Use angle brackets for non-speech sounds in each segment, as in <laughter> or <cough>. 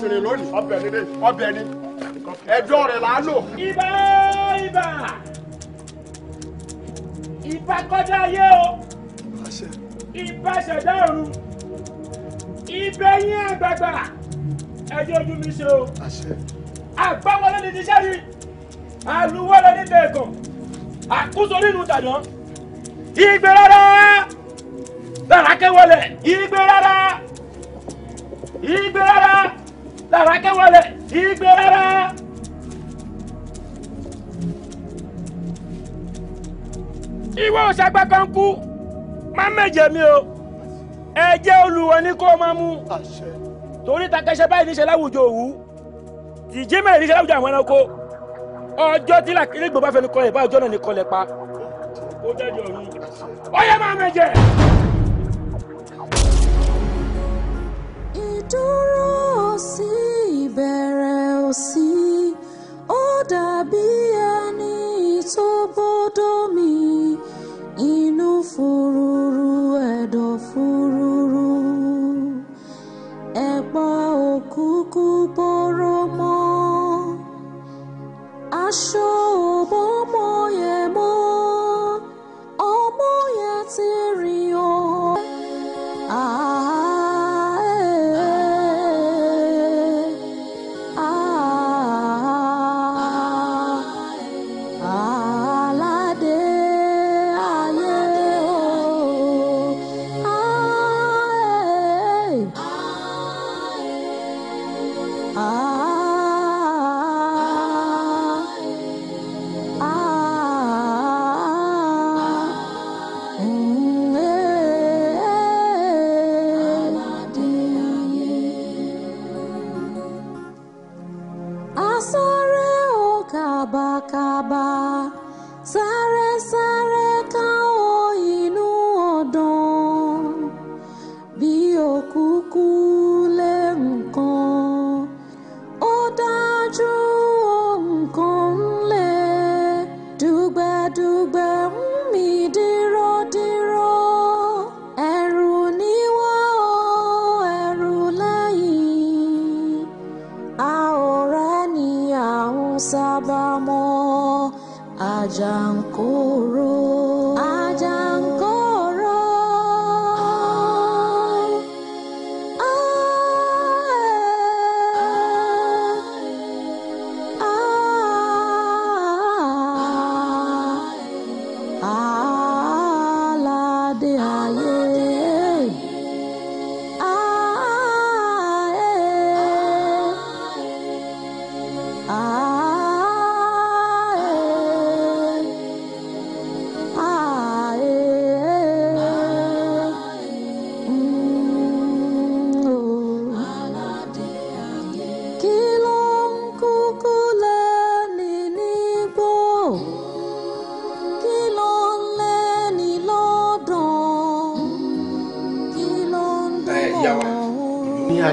sèrè lónìí ọbẹ̀ nílé ọbẹ̀ ni ẹjọ́ rẹ̀ là á lò. ibà ibà ibà kọjá ayé o ibà ṣẹ̀dá ọ̀run ibẹ̀ yín àgbàgbà ẹjọ́ ojú mi ṣe o àgbáwọlé ni ti ṣẹ́rí àlùwọ́lé ní tẹ̀gàn àkóso nínú tàná igbe rárá bàrákẹ́wọlẹ̀ igbe rárá igbe rárá tààrà kẹwàlẹ̀ ìgbé rárá. ìwọ òṣàgbà kan kú máa mẹ̀jẹ̀ mi o ẹ jẹ́ olùwọ ní kó máa mú torí takẹsẹ báyìí níṣẹ́ láwùjọ òwú tìjí mẹ́rin níṣẹ́ láwùjọ àwọn ẹranko ọjọ́ tí lẹ́gbọ̀n bá fẹ́ ní kọlẹ̀ bá ọjọ́ náà ní kọlẹ̀ pa ó jáde ọ̀run ó yẹ máa mẹ̀jẹ̀. ìdúró sí i ìbẹ̀rẹ̀ ò sí ó dàbí ẹni tó bọ́dọ̀ mi inú fúrúrú ẹ̀dọ̀ fúrúrú ẹ̀pọ̀ òkúkú bóró mọ́ aṣọ.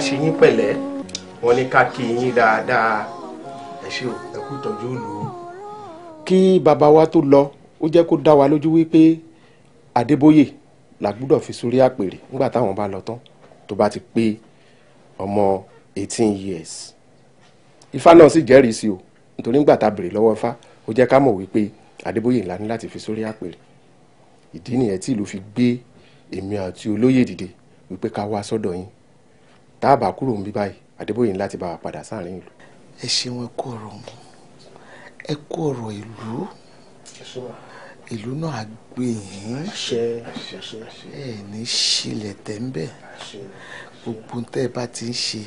ṣe yín pẹ̀lẹ́ wọn ní ká kí yín dáadáa ẹ ṣé o ẹ kú ìtọ́jú ìlú. kí bàbá wa tó lọ ó jẹ́ kó dá wa lójú wípé Adébóyè la gbúdọ̀ fi sórí àpèrè nígbà táwọn bá lọ tán tó bá ti pé ọmọ eighteen years ifá náà sì jẹ́rìí sí o nítorí nígbà tá a béèrè lọ́wọ́ ifá ó jẹ́ ká mọ̀ wípé Adébóyè ńlá ní láti fi sórí àpèrè ìdí nìyẹn tí ìlú fi gbé èmi àti olóyè dìde wípé ká wá sọ́dọ̀ yín tá a bá kúrò ń bí báyìí Adébóyè ní láti bá wa padà sáàrin ìlú. ẹ ṣeun ẹ kú ọ̀rọ̀ mu ẹ kú ọ̀rọ̀ ìlú ìlú náà gbé yín ẹ ní ṣílẹ̀ tẹ́ńbẹ̀ gbogbo tẹ́ ẹ bá ti ń ṣe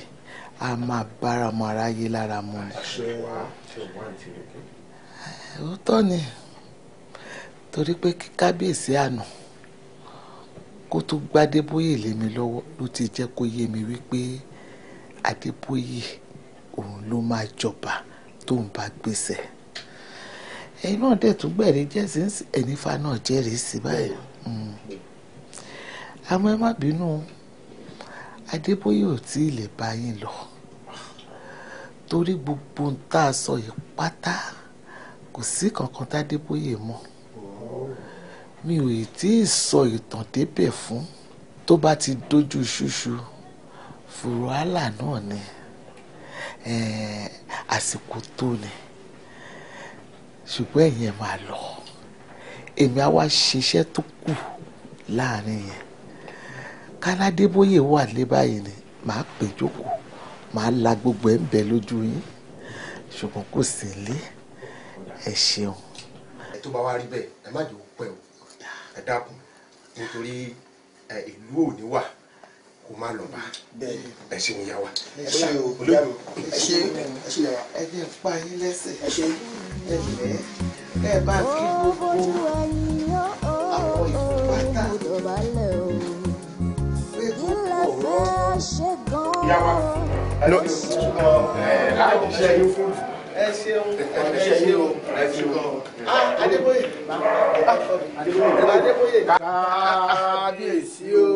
a máa bára mu aráyé lára mu ni. ó tọ́ ni torí pé kábíyèsí àná kó tó gba Adébóyè lé mi lọ́wọ́ ló ti jẹ́ kó yé mi wípé Adébóyè òun ló máa jọba tóun bá gbèsè ẹ̀yin náà dẹ̀ tún gbẹ̀rí jẹ́sí ẹ̀nífà náà jẹ́rìí sí báyìí hmm. àmọ́ ẹ má bínú Adébóyè ò tí ì lè bá yín lọ torí gbogbo ohun tá a sọ yìí pátá kò sí kankan tádébóyè mọ́ mi ò tí ì sọ ìtàn débẹ̀ fún tó bá ti dojú ṣúṣú fùrọ̀hálà náà ni àsìkò tó ni ṣùgbọ́n ẹ̀yin ẹ̀ máa lọ èmi á wá ṣiṣẹ́ tó kù láàrin yẹn káládébóyè wà ní báyìí ni màá pè jókòó màá la gbogbo ẹ̀ ń bẹ lójú yín ṣùgbọ́n kò sí ilé ẹ ṣeun. ẹ tó bá wá rí bẹ́ẹ̀ ẹ má jòwó ẹ dákun nítorí ìlú òní wà kó má lọ bá ẹ ṣeun yá wa. ẹ ṣe o ẹ ṣe ẹ ṣe yàrá. ẹ jẹ́ pa yín lẹ́sẹ̀ ẹ ṣe ẹ lẹ́ ẹ bá kí gbogbo àwọn ìfúnpátá pé kó ọ̀rọ̀ yá wa. ṣùgbọ́n ẹ̀ láti ṣe yín fún mi ẹ ṣeun you. ṣeun ẹ ṣeun adébóyè adébóyè kábíyèsí o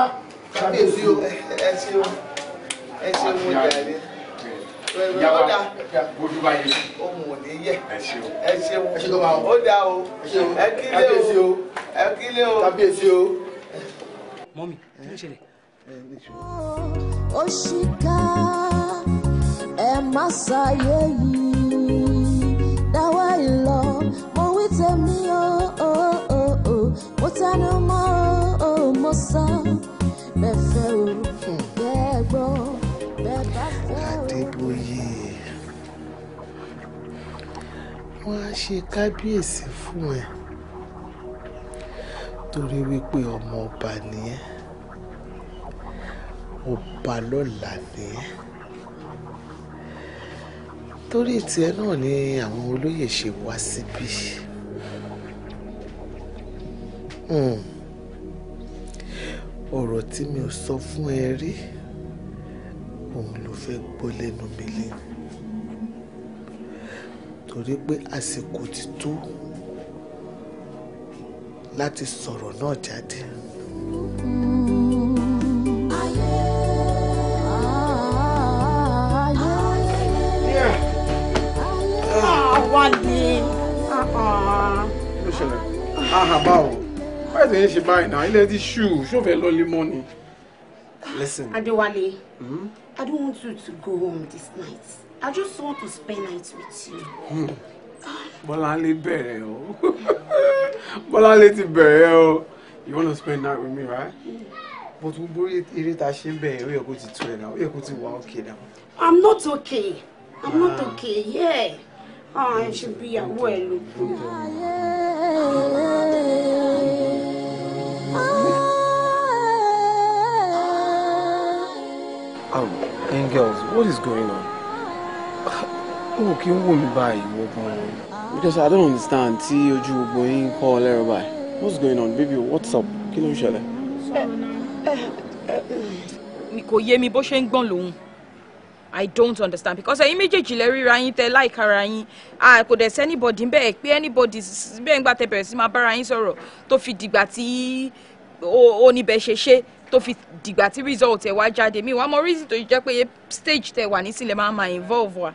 ah, kábíyèsí o ẹ ṣeun ẹ ṣeun mo jàre ó dá bójúbá yé ohun ò ní yẹ ẹ ṣeun ẹ ṣeun ó dá o ẹ kílé o ẹ kílé o kábíyèsí o. mọ́mí kí ló ṣẹlẹ̀. òṣìkà ẹ má ṣàyè yìí dáwọ́ ìlọ mo wí tèmi o mo tẹnu mọ́ o mo sọ bẹ́ẹ̀ fẹ́ o bẹ́ẹ̀ gbọ́ bẹ́ẹ̀ bá fẹ́ o. Adébóyè wọn á ṣe kábíyèsí fún ẹ torí wípé ọmọ ọba nìyẹn ọba lọ́la nìyẹn torí tiẹ̀ náà ni àwọn olóyè ṣe wá síbí hmm. ọ̀rọ̀ tí mi ò sọ fún ẹ rí òun ló fẹ́ gbọ́ lẹ́nu mi lẹ́nu torí pé àsìkò ti tó láti sọ̀rọ̀ náà jáde. ahaba o báyìí tó ń ṣe báyìí náà ilé ti ṣù ṣòfẹ́ lọ́lé mọ́ ni. listen. Adéwálé hmm? I don't want you to go home this night I just want to spend night with you. Hmm. Bọ́láńlé bẹ̀rẹ̀ o <laughs> Bọ́láńlé ti bẹ̀rẹ̀ o you wanna spend night with me right? but gbogbo eré ta ṣe ń bẹ̀rẹ̀ ó yẹ kó ti tu ẹ̀ náà ó yẹ kó ti wà okay náà. I'm not okay I'm not ah. okay yeah. Ah, ẹ ṣe bí ìyàwó ẹ lóko. Um, angels, what is going on? Oh, can you wò by? Because I don't understand See, ojú going call everybody. What's going on baby? What's up? Can you ń ṣẹlẹ̀? Mi kò yé mi I don't understand because I méjèèjì lẹ ríra yín tẹ like her. I could dẹ̀ anybody bẹ́ẹ̀ pé anybody bẹ́ẹ̀ ń gbà tẹ bẹ̀rẹ̀ sí máa bára yín sọ̀rọ̀ tó fi dìgbà tí oníbẹ̀ ṣe ṣe tó fi dìgbà tí result ẹ̀ wá jáde mi wàá mọ reason tó jẹ́ pé stage tẹ̀ wà nísìlẹ̀ máa máa involve wa.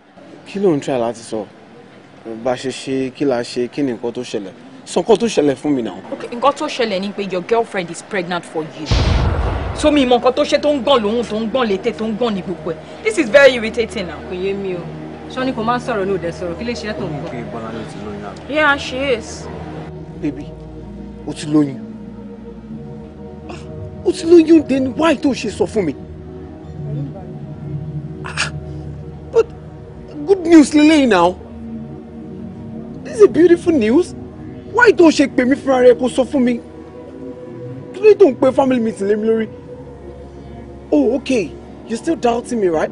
kí ló ń try láti sọ bá a ṣe ṣe kí la ṣe kí ni nǹkan tó ṣẹlẹ̀ sọ nǹkan tó ṣẹlẹ̀ fún mi náà. okay nǹkan tó ṣẹlẹ̀ ni pé your girlfriend is pregnant for you so mi mọ nǹkan tó ṣe tó ń gbọ̀n lóhùn tó ń gbọ̀n létè tó ń gbọ̀n ní gbogbo ẹ̀ this is very irritating now. kò yé mi o sọ ni kò máa ń sọ̀rọ̀ ní òde sọ̀rọ̀ kí lè ṣe é tó ń gbọ́. ó mú kí bọ́lá ló ti lóyún àná. yeah she is. baby o ti lóyún ó ti lóyún dé ni wáyé tó ṣe sọ fún mi. but good news lélẹ́yìn now. this is beautiful news wáyé tó ṣe pè mí fúnra rẹ kó sọ fún mi kí ló tó ń pe family meeting lé mi lórí. oh okay you still doubting me right?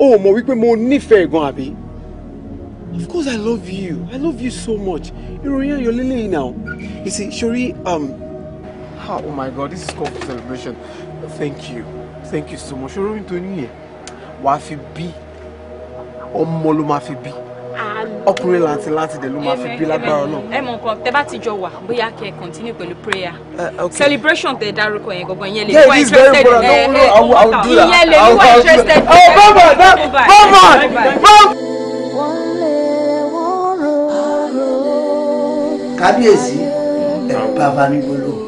oh mọ̀ wípé mo nífẹ̀ẹ́ gan àbí. Of course I love you. I love you so much. Ìròyìn ayọ̀ lélẹ́yìn now. You see, Shori, um, ah oh my god this is called for celebration thank you thank you so much ṣòro mi tó ní yẹn wàá fi bi. ọmọ ló máa fi bí ọkùnrin láti láti dẹ̀ ló máa fi bí lágbára náà. ẹ mọ nǹkan tẹ bá ti jọ wà bóyá kẹ ẹ continue pẹ̀lú prayer eh, celebration tẹ dárúkọ yẹn gangan yẹn lè wá interested ẹ ẹ ọmọkà ìyẹn lè wá interested. ọ bọ́mọ̀ bọ́mọ̀ bọ́mọ̀. kábíyèsí ẹ̀rọ bá bá nígbó lóko.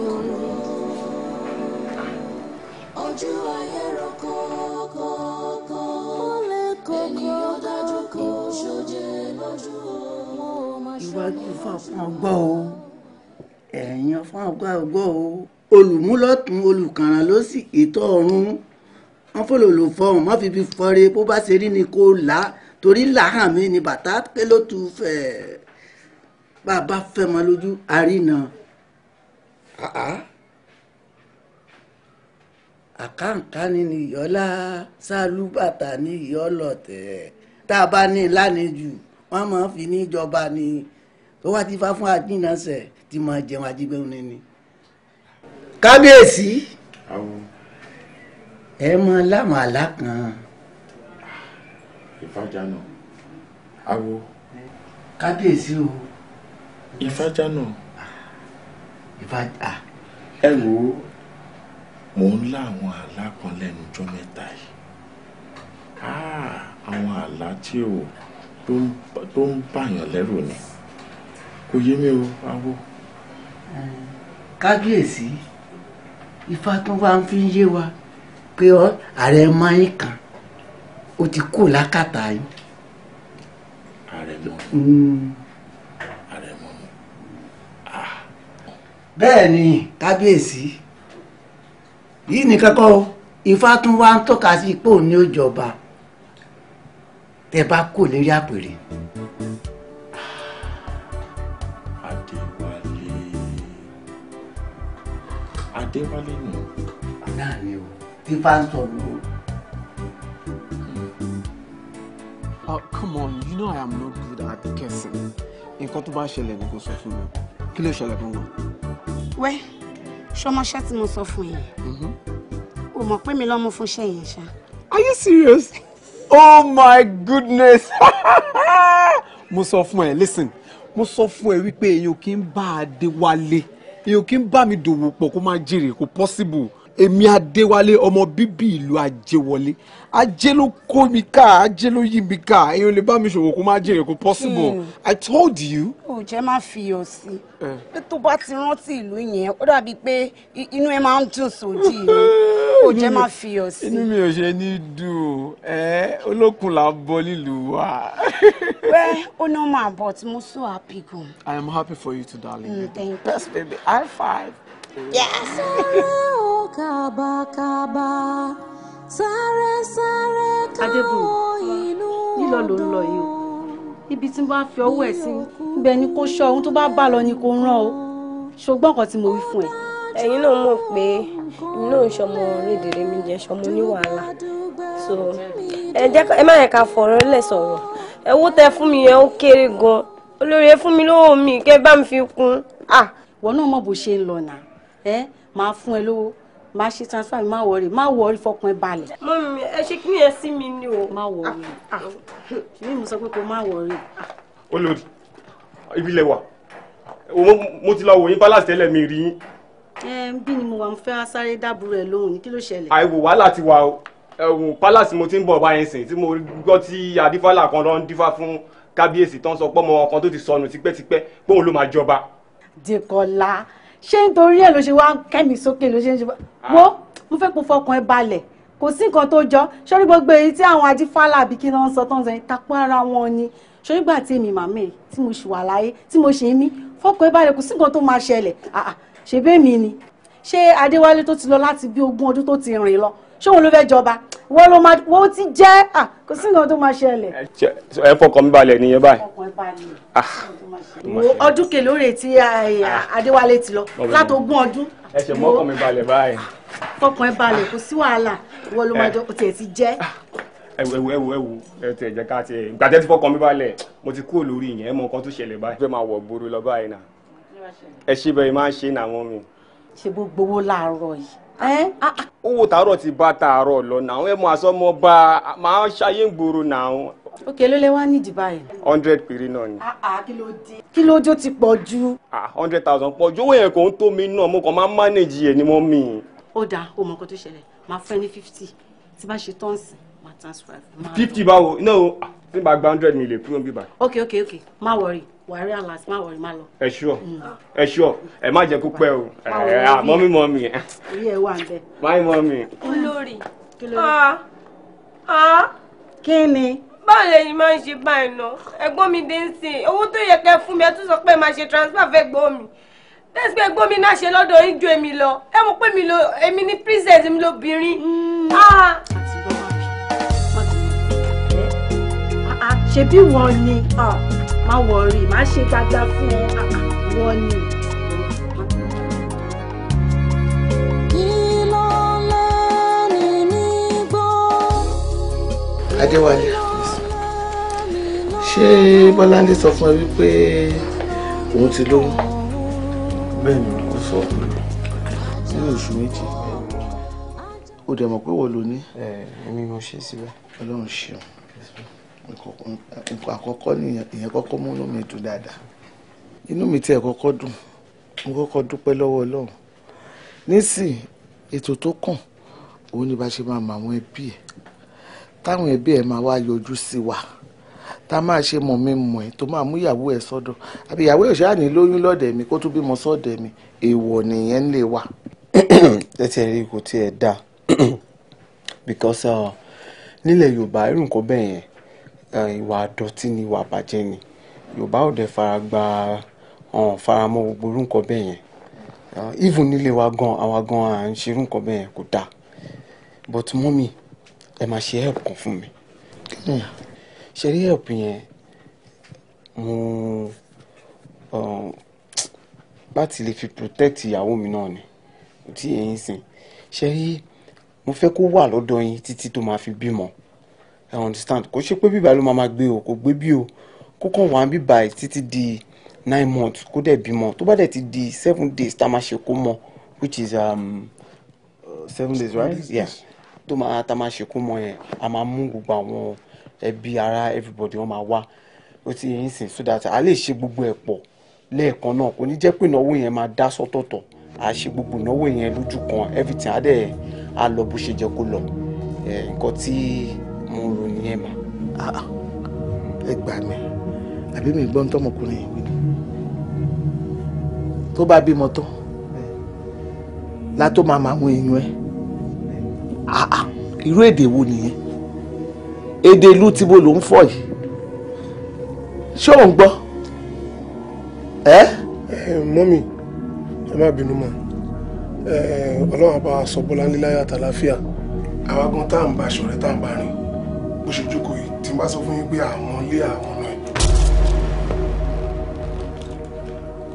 níwájú fáfún ọgbọ́ o ẹ̀yìn fún ọgbọ́ o olùmúlọ́tún olùkàràn ló sì ètò ọ̀run wọn fọlọ lò fọhùn má fi bí fọre bó bá ṣe rí ni kò là torí làhàn mi ni bàtà pé ló tu fẹ bá a bá fẹ́ mọ lójú àrínà àkàǹkà ni nìyọ́lá sálúbàtà ni ìyọ́lọ̀tẹ̀ tá a bá ní ìlànà jù wọ́n máa fi níjọba ni tó wá ti fa fún adínàṣẹ tí máa jẹun ajígbẹ́hùn nínú. kábíyèsí ẹ mọ láwọn àlá kan. ìfajànà awo. kábíyèsí o. ìfajànà. ìfajànà. ẹ wo mò ń lá àwọn àlá kan lẹ́nu ọjọ́ mẹ́ta yìí àwọn àlá tí ò tó ń bàyàn lẹ́rù ni kò yé mi o àwo. kábíyèsí ifá tó wá ń fi yé wa pé ààrẹ máa ń kàn ó ti kú lákàtà yín. ààrẹ mọ hmm. ààrẹ mọ mi. Ah. bẹ́ẹ̀ ni kábíyèsí yìí nìkan kọ́ ifá tún wá ń tọ́ka sí ipò ní òjọba tẹ bá kò lérí àpèrè. Mm -hmm. Adéwálé nù. Ọ̀nà mi ò tí bá ń sọ̀rọ̀ o. Oh, come on, you know I am not good at guessing. Nǹkan tó bá ṣẹlẹ̀ ni kò sọ fún mi. Kí ló ṣẹlẹ̀ gangan? Wẹ́, ṣọmọṣẹ́ tí mo sọ fún yẹn. Mm-hmm. O mọ̀ pé mi lọ́mú fún iṣẹ́ yẹn ṣá. Are you serious? Oh my goodness! <laughs> Mo sọ fún ẹ, listen, mo sọ fún ẹ wípé èèyàn kì í bá Adéwálé èèyàn kì í bá mi dòwò pọ̀ kó máa jèrè kó possible èmi adéwálé ọmọ bíbí ìlú ajéwọlé ajé ló kó mi ká ajé ló yí mi ká èèyàn lè bá mi ṣòwò kó má jèrè kó possible hmm. i told you. ò jẹ́ má fi iyọ̀ sí i eh. tó bá ti rántí ìlú yẹn ó dàbí pé inú ẹ máa ń dùn sódì ni ò jẹ́ fi iyọ̀ sí i. inú mi ò ṣe ní dùn ẹ eh, olókun là ń bọ nílùú wa. <laughs> wẹ́ ó ná máa bọ̀ tí mo so happy gan. i am happy for you too darling. Mm, thank you. best baby high five. Yes. Adébù, lílọ ló ń lọ yìí o. Ibi tí bá fi ọwọ́ ẹ̀ sí, ibẹ̀ ni kò ṣọ́ ohun tó bá bá lọ ni kò rán o. Ṣùgbọ́n nǹkan tí mo wí fún ẹ. Ẹ̀yin náà mọ̀ pé èmi náà ń ṣọmọ rédèrè mi jẹ́ ṣọmọ ní So ẹ jẹ́ ẹ má yẹ ká fọ̀rọ̀ lẹ̀ sọ̀rọ̀. Ẹ wó tẹ fún mi yẹn ó kéré gan. Olórí ẹ fún mi lówó mi kẹ́ bá mi fi kún. Ah! Wọ́n náà mọ̀ bó ṣe ń lọ náà ẹ máa fún ẹ lówó máa ṣe transfer má wọrí má wọrí fọkàn ẹ balẹ̀. mọ́mí ẹ ṣe kí ẹ sí mi ni o. má wọrí ah, ah. mi mo sọ pé kò má wọrí. olórí ìbílẹ̀ wà mo ti lọ wò yín palace tẹ́lẹ̀ mi rí yín. ẹ bí ni mo wà mo fẹ́ sáré dábùrú ẹ lóhùn ní kí ló ṣẹlẹ̀. àìwò wàhálà ti wà o ẹ̀wùn palace mo ti ń bọ̀ báyìí sìn tí mo gbọ́ tí adífálà kan lọ ń dífá fún kábíyèsí tó ń sọ pé ọmọ ọkàn tó ti sọnù tipẹ́tipẹ́ pé òun ló máa jọba. Dékọ́lá ṣé nítorí ẹ̀ ló ṣe wá kẹ́mi sókè ló ṣe ń ṣe ah. wo mo fẹ́ kó fọkàn ẹ balẹ̀ kò sí nǹkan tó jọ sórí gbogbo èyí tí àwọn ajífálà àbí kí wọ́n sọ tó ń sọ yẹn tapọ́ ara wọn ni sórí gbà tí èmi màmá ẹ̀ tí mo ṣì wà láyé tí mo ṣì ń mí fọkàn ẹ balẹ̀ kò sí nǹkan tó máa ṣẹlẹ̀ ah, ah, ṣèbéèmí ni ṣé adéwálé tó ti lọ láti bí ogún ọdún tó ti rìn lọ ṣé òun ló fẹ́ jọba wọ́n ló máa wọ́n ti jẹ́ à kò sí nǹkan tó máa ṣẹlẹ̀. ẹ fọkàn mi balẹ̀ nìyẹn báyìí. Ah. ọdún kèlè ó retí Adéwálé ti lọ látọgbọ́n ọdún. ẹ ṣe mọ́kàn mi balẹ̀ báyìí. fọkàn ẹ balẹ̀ kò sí wàhálà wọ́n ló máa eh. jọ kò tiẹ̀ ti jẹ́. Ah. ẹ wo ẹ wo ẹ wo ẹ tẹ jẹ ká tiẹ̀ ìgbà tẹ ti fọkàn mi balẹ̀ mo ti kúrò lórí ìyẹn ẹ mọ nǹkan tó ṣẹlẹ̀ báyìí. fẹ́ máa wọ̀ gbòòrò lọ báyìí náà ẹ ṣe bẹ́ẹ̀ máa ṣe é nà wọ́n mi. ṣe gbogbo owó láàárọ̀ yìí owó tààrọ̀ ti bá tààrọ̀ lọ náà ẹ mọ àsọmọ bá a máa ṣayé gbòòrò náà. òkè ló lè wá nídìí báyìí. hundred péré náà ni. Ah, ah, kí ló jó ti pọ̀ ju. Ah, hundred thousand pọ̀ ju owó yẹn kò ń tó mi náà mo kàn máa ń manage yẹn ni mo mì. ó dáa o mọ̀ nǹkan tó ṣẹlẹ̀ máa fẹ́ ní fifty tí bá ṣe tọ́ǹsì máa transfer. fifty báwo náà tí n bá gba hundred mi lè kúrò níbí báyìí. ok ok ok má wọrí wàrí àlàsí má wọrí má lọ. ẹ ṣúọ ẹ ṣúọ ẹ má jẹ kó pẹ o ẹ mọmí mọmí. orí ẹ wà nbẹ. máì mọmí. olórí ọ ọ. Ah, ah. kí ni. báwo lẹ̀yin máa ń ṣe báyìí ná ẹ̀gbọ́n mi dé ń sìn owó tó yẹ kẹ́ fún mi ẹ tún sọ pé máa ṣe transfer fẹ́ gbọ́ mi tẹ́sí pé ẹ̀gbọ́n mi náà ṣe lọ́dọ̀ ìjọ èmi lọ ẹ mọ̀ pé mi lo èmi ní princess mi lóbìnrin. Hmm. Ah. ṣebí wọn ni má wọrí má ṣe gbagba fún ah, ah, wọn ni. adéwálé ṣé bọ́láńdé sọ fún ẹ wípé òun ti lóyún. bẹ́ẹ̀ ni ó sọ fún mi ní oṣù méjì. o dẹ̀ mọ̀ pé wọ́n lò ní. ẹ ẹ̀mí mo ṣe síbẹ̀. ọlọ́run ṣeun nǹkan àkọ́kọ́ nìyẹn ìyẹn kọ́kọ́ mú inú mi dùn dáadáa inú mi tiẹ̀ kọ́kọ́ dùn mo kọ́kọ́ dúpẹ́ lọ́wọ́ ọlọ́run nísìnyí ètò tó kàn òun ni bá ṣe máa mọ àwọn ẹbí ẹ táwọn ẹbí ẹ máa wá yọjú sí wa tá a máa ṣe mọ̀ mi mọ̀ ẹ́ tó máa mú ìyàwó ẹ sọ́dọ̀ àbí ìyàwó ẹ̀ ṣáà ní lóyún lọ́dẹ̀ mi kó tún bímọ sọ́dẹ̀ mi èèwọ̀ nìyẹn ń lè wà. <clears throat> ẹ ti rí kò tiẹ̀ dáa <clears throat> because uh, nílẹ̀ yorùbá irú nǹkan bẹ́ẹ̀ ìwà àdọ̀tí ni ìwà àbàjẹ́ ni yorùbá ò dẹ̀ fara gba ọ̀hún faramọ́ gbogbo irú bẹ́ẹ̀ yẹn even nílé wa gan àwa gan à ń ṣe irú bẹ́ẹ̀ yẹn kò dáa but mọ́mì ẹ máa ṣe help kan fún mi hmm. ṣe rí help yẹn mo láti lè fi protect ìyàwó mi náà ni kò tí èyí sìn ṣe rí mo fẹ́ kó wà lọ́dọ̀ yín títí tó máa fi bímọ. I understand kò ṣe pé bíbá ló máa gbé o kò gbé bí o kó kàn wá bíbá ẹ títí di nine months kó dẹ̀ bímọ tó bá dẹ̀ ti di seven days tá a máa ṣe kó mọ which is um, uh, seven days right yes yeah. tó máa tá a máa ṣe kó mọ yẹn a máa mú gbogbo àwọn ẹbí ara everybody wọn máa wá ó ti yẹn sìn so that a lè ṣe gbogbo ẹ̀ pọ̀ lẹ́ẹ̀kan náà kò ní jẹ́ pé ìnáwó yẹn máa dá sọ́tọ̀ọ̀tọ̀ a ṣe gbogbo ìnáwó yẹn lójú kan everything á dẹ̀ á lọ bó ṣe jẹ́ kó lọ nǹkan tí mo rò nìyẹn mà. ẹ gbà mí àbí mi gbọ́n tọmọkùnrin yìí wí ni tó bá bímọ tán látó máa máa mú eyín ẹ irú èdè wo nìyẹn èdè ìlú tí mo lò ń fọ yìí ṣé ò ń gbọ́ ẹ. mọ́mì ẹ má bínú mọ́ ọlọ́run bá a sọ bọ́lá níláyà àtàláfíà àwa gan tá à ń bá aṣọ rẹ̀ tá à ń bá rìn bó ṣe jókòó yìí tí n bá sọ fún yín pé àwọn ilé àwọn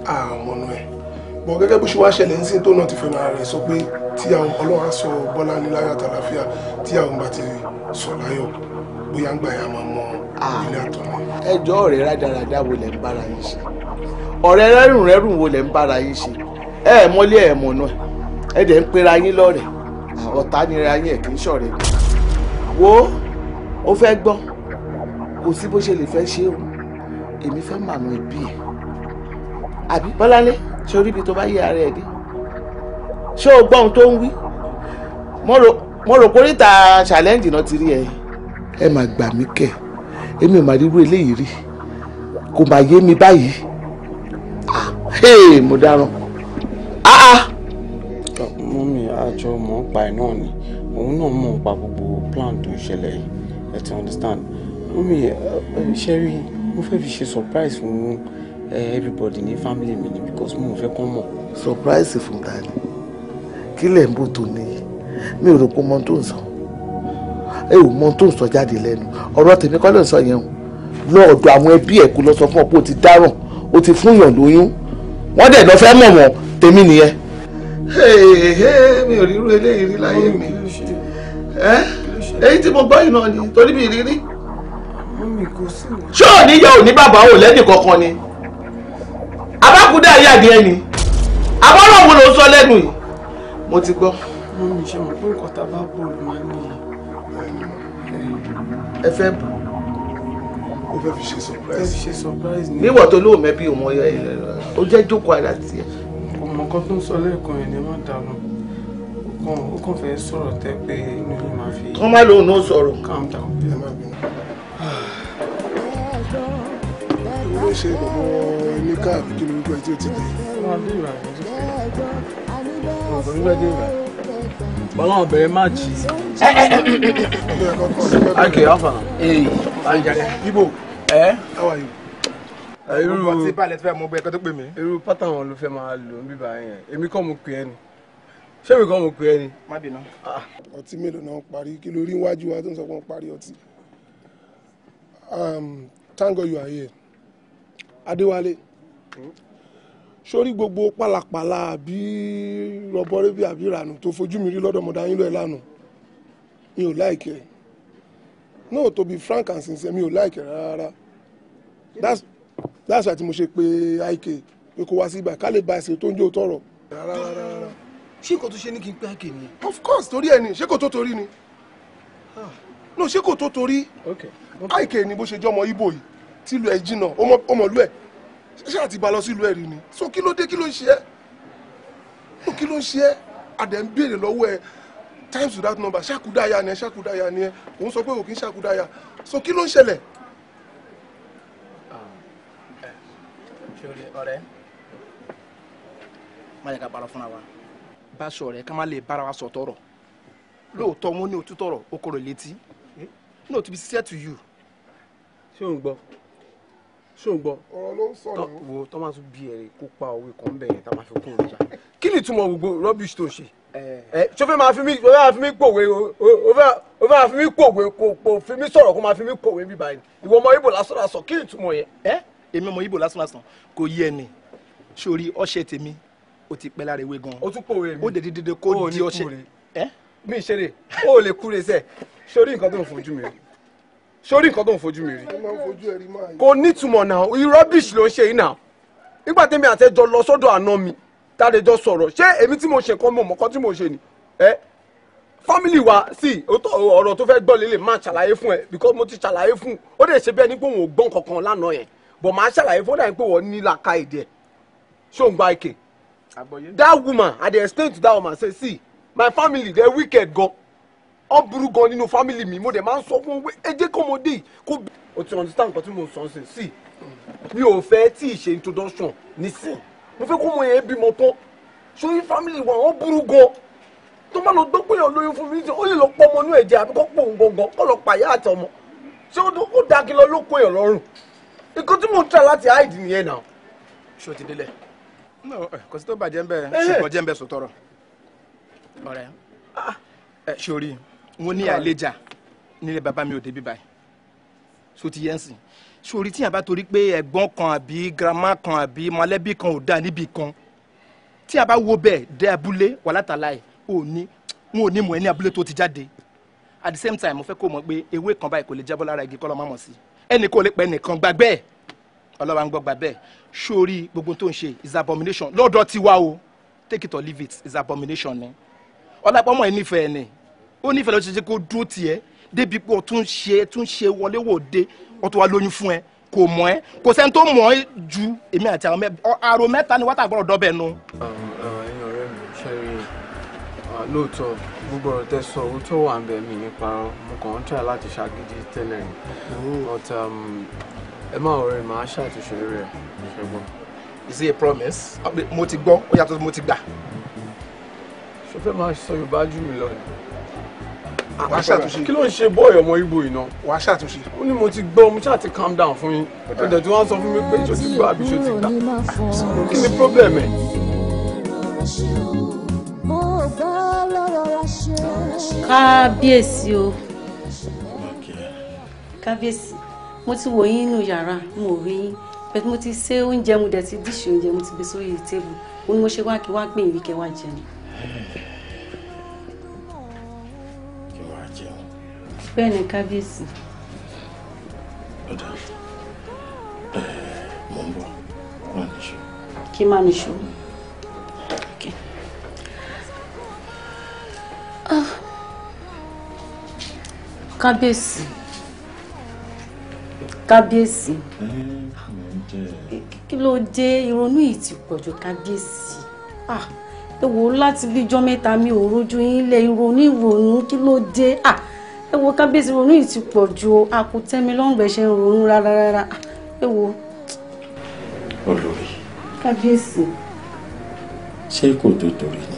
àwọn bó ṣe wá ńsìn tó náà ti ara sọ pé tí àwọn ọlọ́run sọ bọ́lá tí àwọn ti sọ bóyá ń gbà yà máa mọ ah, ilé ẹjọ́ ọ̀rẹ́ wo ń bára yín ṣe ọ̀rẹ́ rẹ́rùn rẹ́rùn wo ń bára yín ṣe ẹ ẹ̀ mọ́lé ẹ̀ ẹ̀ ẹ̀ dẹ̀ ń pera yín ọ̀tá nira yín ẹ̀ kì í ṣọ̀rẹ́ wo ó fẹ́ gbọ́ kò sí bó ṣe lè fẹ́ ṣe o èmi fẹ́ mọ àwọn ẹbí ẹ̀ àbí bọ́láńlé sórí ibi tó bá yẹ ara ẹ̀ dé ṣé o gbọ́ ohun tó ń wí mo rò kórìtà challenge náà ti rí ẹ ẹ mà gbà mí kẹ èmi ò mà rí irú eléyìí rí kò mà yé mi báyìí mo dáràn ah, ah. mọ́mí àjọ mọ̀ ń pa ẹ̀ náà ni òun náà mọ̀ pa gbogbo plan tó ṣẹlẹ̀ yìí ẹ ti understand mọ́mí ṣẹ́rí mo fẹ́ fi ṣe surprise fún everybody ní family mi ni because mo fẹ́ kọ́ mọ̀. surprise fún ta ni kí lẹ̀ ń bò tó níyì mi ò rò pé mọ́ tó ń sọ ẹ ò mọ tó ń sọ jáde lẹ́nu ọ̀rọ̀ tèmi kọ́ ló ń sọ yẹn o lọ́ọ̀dọ̀ àwọn ẹbí ẹ̀ kó lọ sọ fún ọ pé o ti dáràn o ti fún yàn lóyún wọ́n dẹ̀ lọ fẹ́ mọ̀ wọ́n tèmi nìyẹn. mi eléyìí rí láyé mi èyí tí mo gbọ́ yìí náà ni torí bí ìrírí. ṣé òní yẹ òní bàbá ò lẹ́nì kankan ni abákúndé ayé adìẹ ni abọ́rọ̀ wo ló ń sọ lẹ́nu yìí mo ti gbọ́. mo mi ṣe mọ̀ pé nǹkan tá a bá bọ̀ ló máa ń ní ẹ fẹ́ bù. ó fẹ́ fi ṣe surprise. ó fẹ́ fi ṣe surprise ni. níwọ̀ tó lóun mẹ́bí òun ó jẹ́ jókòó ara tiẹ̀. ọmọ kan tó ń sọ lẹ́ẹ̀kan ẹ̀ ní má dàrú kan ó kàn fẹ́ sọ̀rọ̀ tẹ́ pé inú yìí máa fi. kán má lòun náà sọ̀rọ̀. calm down bí ẹ má bínú. ìwé ṣe bọ̀bọ̀ ní káàbù kí ló ń ẹ tí ó ti dé. wọ́n á bí rẹ̀ ṣe eh? eh, fẹ́. ọ̀gbọ́n gbẹ́dẹ́ ìrà bọ́láwọn bẹ̀rẹ̀ máàjì. ake afa. ee ibo. ẹ. awa yi. irú pátá wọn ló fẹ́ máa lò ń bíbá yẹn èmi kọ́ mo pè é ni ṣé mi kàn mọ̀ pé ẹ ni. má bínú. Ah. ọtí mélòó náà parí kí ló rí iwájú wa tó ń sọ pé wọ́n parí ọtí. Um, thank God you are here. Adéwálé sórí hmm? gbogbo pálapàla àbí rọbọrẹbí àbí ìrànù tó fojú mi rí lọ́dọ̀mọdá yín ẹ lánàá mi ò láìkẹ no to be frank and sincere mi ò láìkẹ rárá that's that's why tí mo ṣe pé IK pé kó wá sí ibà ká lè ba ẹsẹ tó ń jó tọrọ. rárá rárá rárá ṣé kò tó ṣe ní kí n pé àkè ni. of course torí ẹ ni ṣé kò tó torí ni ah, no ṣé kò tó torí àìkè ni bó ṣe jọmọ ibo yìí tìlú ẹ jìnnà ọmọlú ẹ ṣé àti ìbá lọ sílùú ẹ rí ni so kí ló dé kí ló ń ṣe ẹ no kí ló ń ṣe ẹ àdẹ̀ ń béèrè lọ́wọ́ ẹ times without number ṣàkúdáyà ni ẹ ṣàkúdáyà ni ẹ òun sọ pé òkín ṣàkúdáyà so kí ló ń ṣẹlẹ̀. Ah, eh, ṣe ọ̀rẹ́ má yẹ ká parọ́ fúnra wa bá ṣọ̀rẹ́ ká má lè wa sọ tọrọ lóòótọ́ wọn ní òtútọ́ rọ̀ okòrò létí no to be sincere to you. ṣé o gbọ́ ṣé o gbọ́. ọ̀rọ̀ ló ń sọ̀rọ̀ o. wo tọ́ bí ẹ̀rẹ̀ kó pa òwe kan bẹ̀ yẹn tá a máa fi kún un jà. kí ni ìtumọ̀ gbogbo rubbish tó ṣe. ẹ ṣó fẹ́ máa fi mí ṣó fẹ́ máa fi mí pòwe o fẹ́ máa fi mí pòwe kò kò fi mí sọ̀rọ̀ kó máa fi mí pòwe bí báyìí ìwọ ọmọ ibo lásán lásán kí ni ìtumọ̀ yẹn. ẹ èmi ọmọ ibo lásán lásán kò yé ẹni sórí ọṣẹ tèmi o ti pẹ́ lára ewé gan-an. o tún pòwe mi o de dèdè kó di ọṣẹ. mi ṣeré o ò lè kúre sẹ sórí nǹkan tó ń fojú mi rí sórí nǹkan tó ń fojú mi rí kò nítumọ̀ náà rubbish ló ń ṣe yìí náà nígbà tẹ́mi àtẹ́jọ lọ sọ́dọ̀ àná mi tàdé jọ sọ̀rọ̀ ṣé èmi tí mo ṣe kan mo mọ̀ kan tí mo ṣe ni ẹ family wa sí ọ̀rọ̀ tó fẹ́ gbọ́ lélẹ̀ máa ṣàlàyé fún ẹ because mo ti ṣàlàyé fún ó dẹ̀ ṣe bẹ́ẹ̀ ni pé òun ò gbọ́n kankan lánàá yẹn bọ̀ máa ṣàlàyé fún ó dà ní pé wọ́n ní làkà èdè ṣóǹgbà èké that woman i dey explain to that woman say see my family dey wicked gan ọ burú gan nínú family mi mo dẹ̀ máa ń sọ fún wọn ẹ jẹ́ kó mo dé kó. o ti understand nǹkan tí mo sọ sí sí mi ò fẹ́ tí ì ṣe introduction nísìn mo fẹ́ kó mo yẹn bímọ tán ṣóyún family wa ọ buru gan tó bá lọ gbọ́ pé olóyún fún mi ó lè lọ pọ́ ọmọ inú ẹ̀jẹ̀ àbí kó pọ̀ òun gangan kó pa pàyà àti ọmọ ṣé ó dákí lọ ló kó èèyàn lọ́rùn nǹkan tí mo ń tà láti hide nìyẹn náà. ṣé ti délẹ̀ kò sí tó bàjẹ́ ń bẹ eh. ṣùkọ́ jẹ́ ń bẹ ọ̀rẹ́ ẹ eh, ṣorí mo ní àlejà nílé bàbá mi ò débi báyìí so ti yẹn sìn ṣorí tíyàn bá torí pé ẹ̀gbọ́n kan àbí girama kan àbí mọ̀lẹ́bí kan ò dáa níbi kan tí a bá wo bẹ́ẹ̀ dé abúlé wà látàlá ẹ̀ ò ní wọn ò ní mọ̀ ẹ́ ní abúlé tó ti jáde at the same time mo fẹ́ kó mọ̀ pé ewé kan báyìí kò lè jábọ́ lára igi kọ́ lọ́ máa mọ̀ sí ẹnì kò lè pẹ́ ọlọ́wà ń gbọ́gba bẹ́ẹ̀ sórí gbogbo tó ń ṣe is abomination lọ́dọ̀ tiwa o take it or leave it is abomination ni ọlápọ̀ ọmọ ẹ̀ nífẹ̀ẹ́ ni ó nífẹ̀ẹ́ lọ́ọ́ ṣe kó dúró tiẹ̀ débi pé ọtún ṣe tún ṣe wọléwọ̀de ọtún wa lóyún fún ẹ kò mọ̀ ẹ́ kò sẹ́ni tó mọ̀ ẹ́ ju èmi àti àwọn àrò mẹ́ta ni wọ́tà gbọ́dọ̀ dọ́bẹ̀ nu. ẹ̀yin ọ̀rẹ́ mi ṣe rí lóòótọ́ gbogbo ọ̀rọ̀ tẹ́ sọ ohun tó wà ń bẹ̀ mí nípa mo kàn ń tẹ̀ láti ṣàgídí tẹ́lẹ̀ oh. but um, ẹ má ọ̀rẹ́ màá ṣàtúnṣe rẹ̀ ṣùgbọ́n. is it a promise. Ah, mo ti gbọ́ ó yàtọ̀ mo ti gbà. ṣo fẹ́ máa sọ yorùbá jù mí lọ ni. Ah, wàá ṣàtúnṣe. kí ló ń ṣe bọ́ọ̀yì ọmọ Ìgbò yìí náà. wàá ṣàtúnṣe. ó ní mo ti gbọ́ mo ṣáà ti calm down fún yín. ọ̀dẹ̀ tí wọ́n sọ fún mi pé ṣo ti gbọ́ àbí ṣo ti gbà. kí ni problem ẹ̀. kábíyèsí o kábíyèsí mo ti wò yín nínú yàrá mo rí yín bẹ́ẹ̀ tí mo ti ṣe oúnjẹ mo dẹ̀ ti díṣì oúnjẹ mo ti gbé sórí tébù ó ní mo ṣe wá kí wá pè yín kẹ́ wá jẹun. kí wàá jẹun. bẹ́ẹ̀ ni kábíyèsí. ọ̀dà eh, mo ń bọ̀ má nìṣó. kí má nìṣó. Ah. kábíyèsí. Okay kábíyèsí kí ló dé ìrònú yìí ti pọ̀jù kábíyèsí ah, ẹ wò láti bíjọ́ mẹ́ta mi ò rojú yín lẹ ìrònú ìrònú kí ló dé ah, ẹ wò kábíyèsí ìrònú yìí ti pọ̀jù a kò tẹ́mi lọ́rùn bẹ́ẹ̀ ṣe ń ronú rárá rárá ah, ẹ wò. olórí kábíyèsí. ṣé kò tó torí ni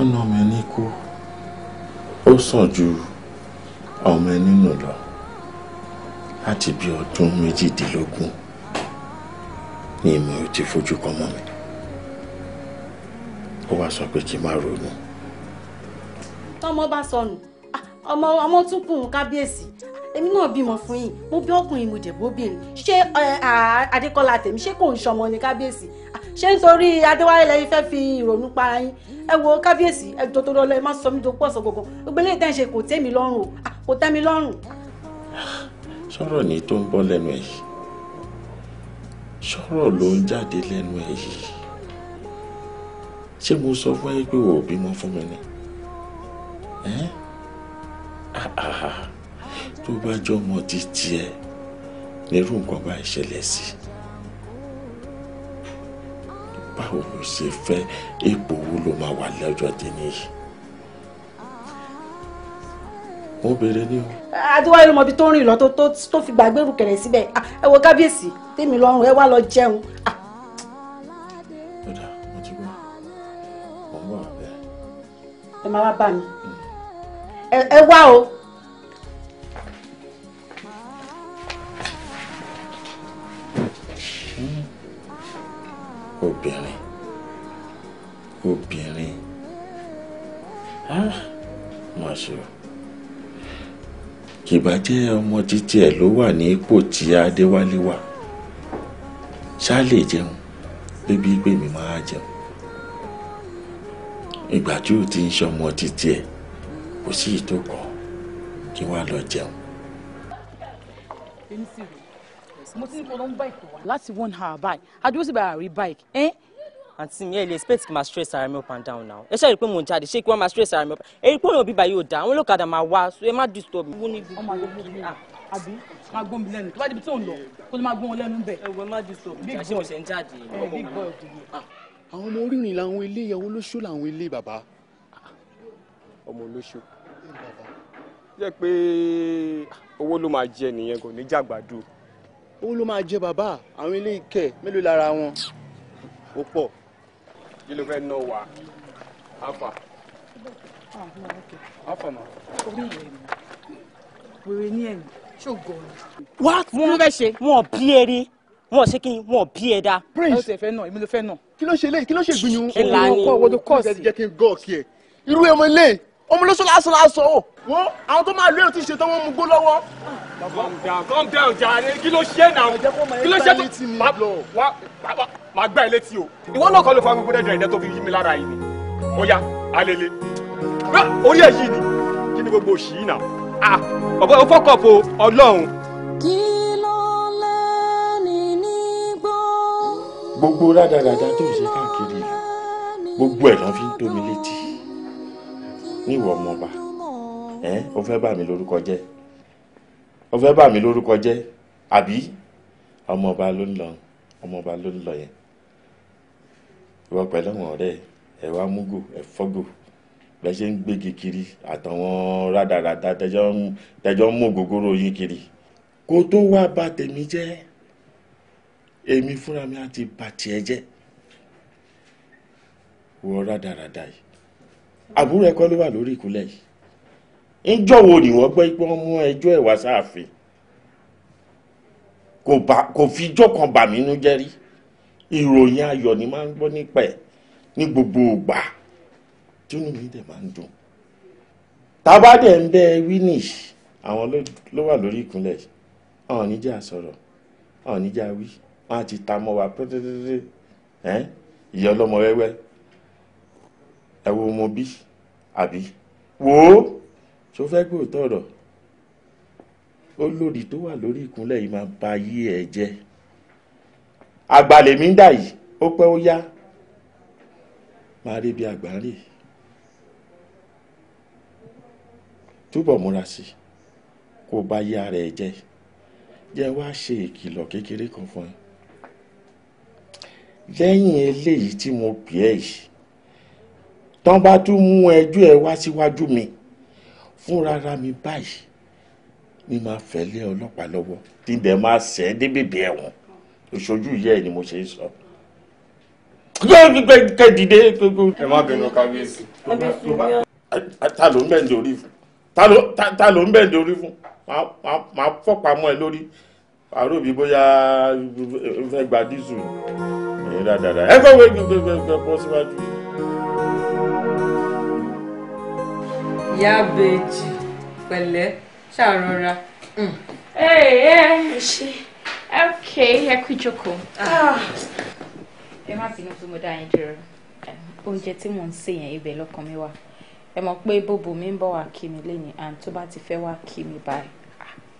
ọ̀nà mi ní kú ó sàn ju ọmọ ẹni nù lọ láti bí ọdún méjìdínlógún ni mo ti fojú kọ mọ́ mi ó wá sọ pé kí n má ronú. tọmọ bá sọnù ọmọ ọmọ tún kùn kábíyèsí èmi náà bímọ fún yín mo bí ọkùnrin mo jẹ̀bú obìnrin ṣé adékọ́lá tèmi ṣé kò ń ṣọmọ ní kábíyèsí ṣé nítorí adéwálé lẹ́yìn fẹ́ fi ìrònú para yín ẹ wo kábíyèsí ẹ dòdòdò lọ ẹ má sọ mí tó pọ̀ sọ gbogbo gbogbo eléyìí tẹ́ ń ṣe kò tẹ́ mi lọ́rùn o kò tẹ́ mi lọ́rùn. sọ̀rọ̀ ni tó ń bọ́ lẹ́nu ẹ̀ yìí sọ̀rọ̀ ló ń jáde lẹ́nu ẹ̀ yìí ṣé mo sọ fún ẹ pé o ò bímọ fún mi ni tó bá jọ ọmọ títí ẹ nírú nǹkan bá ìṣẹ̀lẹ̀ sí i báwo ló ṣe fẹ́ ipò wo ló máa wà lọ́jọ́ tẹ́ni yìí. mo béèrè ní o. àtiwáyé ló mọ ibi tó ń rìn lọ tó fi gbàgbérù kẹ̀rẹ̀ síbẹ̀ ah, ẹ wo kábíyèsí tèmi lọ́rùn ẹ wá lọ jẹun. ọ̀dà ah. mo ti gbọ́ mo ń bọ̀ bẹ́ẹ̀. ẹ máa wá bá mi ẹ wá o. obìnrin obìnrin ah, má ṣe o ìbàjẹ́ ọmọ títí ẹ̀ ló wà ní ipò tí adéwálé wà ṣáà lè jẹun bébí pé mi máa jẹun ìgbà tí ò ti ń ṣọmọ títí ẹ̀ kò sí ìtòkọ kí wàá lọ jẹun. èmi sì mo ti ní kó lọ ń báyìí tó wá. láti one hour báyìí adúró sì bá àrí báyìí ẹ́ àǹtí mi ẹ lè expect kí n máa stress ara mi up and down now ẹ ṣe é rí i pé mò ń jáde ṣé kí wọ́n máa stress ara mi up èyí pé òyìnbó bíbá yóò dá àwọn olókàdá máa wá so ẹ má disturb mi. wọ́n ní ibi ọmọ àgbẹ̀ mi ah, àbí máa gbọ́n mi lẹ́nu tó bá débi tó ń lọ kó ló máa gbọ́n wọn lẹ́nu bẹ́ẹ̀. ẹ wọ má disturb mi àṣé mo ṣe ń jáde. Eh, ah. àwọn ọmọ orírìn làwọn ilé ìyàwó lóṣù làwọn ilé bàbá ọmọ olóṣù jẹ́ pé owó ló máa jẹ nìyẹn kò ní jàgbádùn ó ló máa jẹ bàbá àwọn ilé ìkẹ mélòó lára wọn ó pọ̀. kí ló fẹ́ ná wa afa afa ma. orí ìyẹn mi wèrè ní ẹ̀yìn ṣògo ni. wá mo bẹ́ ṣe. wọn ò bí eré wọn ò ṣe kí wọn ò bí ẹ dá. prince ẹ fẹ́ náà èmi ló fẹ́ náà. kí ló ṣe lé kí ló ṣe gbìyànjú. kí ló ń kọ́ owó tó kọ́ sí. jẹ́ kí n gọ́ ọ̀kí ẹ̀ irú ẹ̀ mọ ilé yìí ọmọ olóṣù lásán lásán o wo àwọn tó máa lérò tí ṣe tán wọn mú gbó lọ́wọ́. calm down calm down jàre kí ló ṣe náà kí ló ṣe tó wá máa gbá ẹ létí o ìwọ náà kọ́ ló fa gbogbo dẹ́dẹ́ ẹ̀dẹ́ tó fi yí mi lára yìí ni ó yá alele orí ẹ̀ yìí ni kí ni gbogbo òṣì yìí náà ah ọ̀bọ̀ ó fọ́kọ̀ po ọlọ́run. kí ló lẹ́ni nígbó. gbogbo rádaràda tó ń ṣe káàkiri gbogbo ẹ̀ ló fi ń tó mi létí ní ìwọ ọmọọba ẹ o fẹ́ bà mí lórúkọ jẹ́ o fẹ́ bà mí lórúkọ jẹ́ àbí ọmọọba ló ń lọ ọmọọba ló ń lọ yẹn ìwọ pẹ̀lú àwọn ọ̀rẹ́ ẹ wá múgò ẹ fọ́gò bẹ́ẹ̀ ṣe ń gbégi kiri àtàwọn rádaràda tẹjọ́ ń mú ògógóró yín kiri kó tó wá bà tèmi jẹ́ èmi fúnra mi á ti bà tiẹ̀ jẹ́ wọ rádaràda yìí àbúrò ẹ̀kọ́ ló wà lórí ìkúnlẹ̀ yìí ńjọ́ wo ni wọ́n gbọ́ pé wọ́n mú ẹjọ́ ẹ̀ wá sáàfin kò fi ijọ́ kan bà mí nú jẹ́ rí ìròyìn ayọ̀ ni máa ń gbọ́ nípa ẹ̀ ní gbogbo ìgbà tí inú mi dẹ̀ máa ń dùn tábà ń bẹ winish àwọn ló wà lórí ìkúnlẹ̀ yìí àwọn oníjà sọ̀rọ̀ àwọn oníjà wí wọ́n á ti ta mọ́ wa pẹ́tẹ́tẹ́tẹ́ ìyá ọlọ́mọ wẹ́wẹ́ ẹ wo mo bí àbí wò ó tó fẹ́ gbé òótọ́ ọ̀rọ̀ ó lòdì tó wà lórí ìkúnlẹ̀ yìí máa ba ayé ẹ̀ jẹ́ àgbàlẹ̀ mi ń dà yìí ó pẹ́ ó yá máa rí bí àgbà rè túbọ̀ múra sí i kó o bá yé ara jẹ́ jẹ́ wá ṣe ìkìlọ̀ kékeré kan fún ẹ lẹ́yìn eléyìí tí mo pè ẹ́ yìí tán bá tún mú ẹjọ́ ẹ wá síwájú mi fúnra ra mi báyìí mi máa fẹ́lẹ́ ọlọ́pàá lọ́wọ́ tí dẹ̀ máa sẹ́ ẹ́ débèbè ẹ̀wọ̀n ìṣojú yẹ ẹ ni mo ṣe ń sọ. ẹ má bẹ̀rù kábíyèsí. ta ló ń bẹ̀ ń dorí fún ta ló ń bẹ̀ ń dorí fún màá fọ́pamọ́ ẹ lórí àròbí bóyá fẹ́ gba dísù ẹ dáadáa ẹ fẹ́ wẹ́ bọ́ síwájú. ìyá bèjì pẹ̀lẹ́ ṣàrọra. Mm. ẹ ẹ ok ẹ kú ìjókòó ah. ẹ má bínú pé mo dá yín dúró oúnjẹ tí mò ń sè yẹn ibẹ̀ lọ́kàn mi wà ẹ mọ̀ pé bòbò mi ń bọ̀ wá kí mi lẹ́yìn and tó bá ti fẹ́ wá kí mi báyìí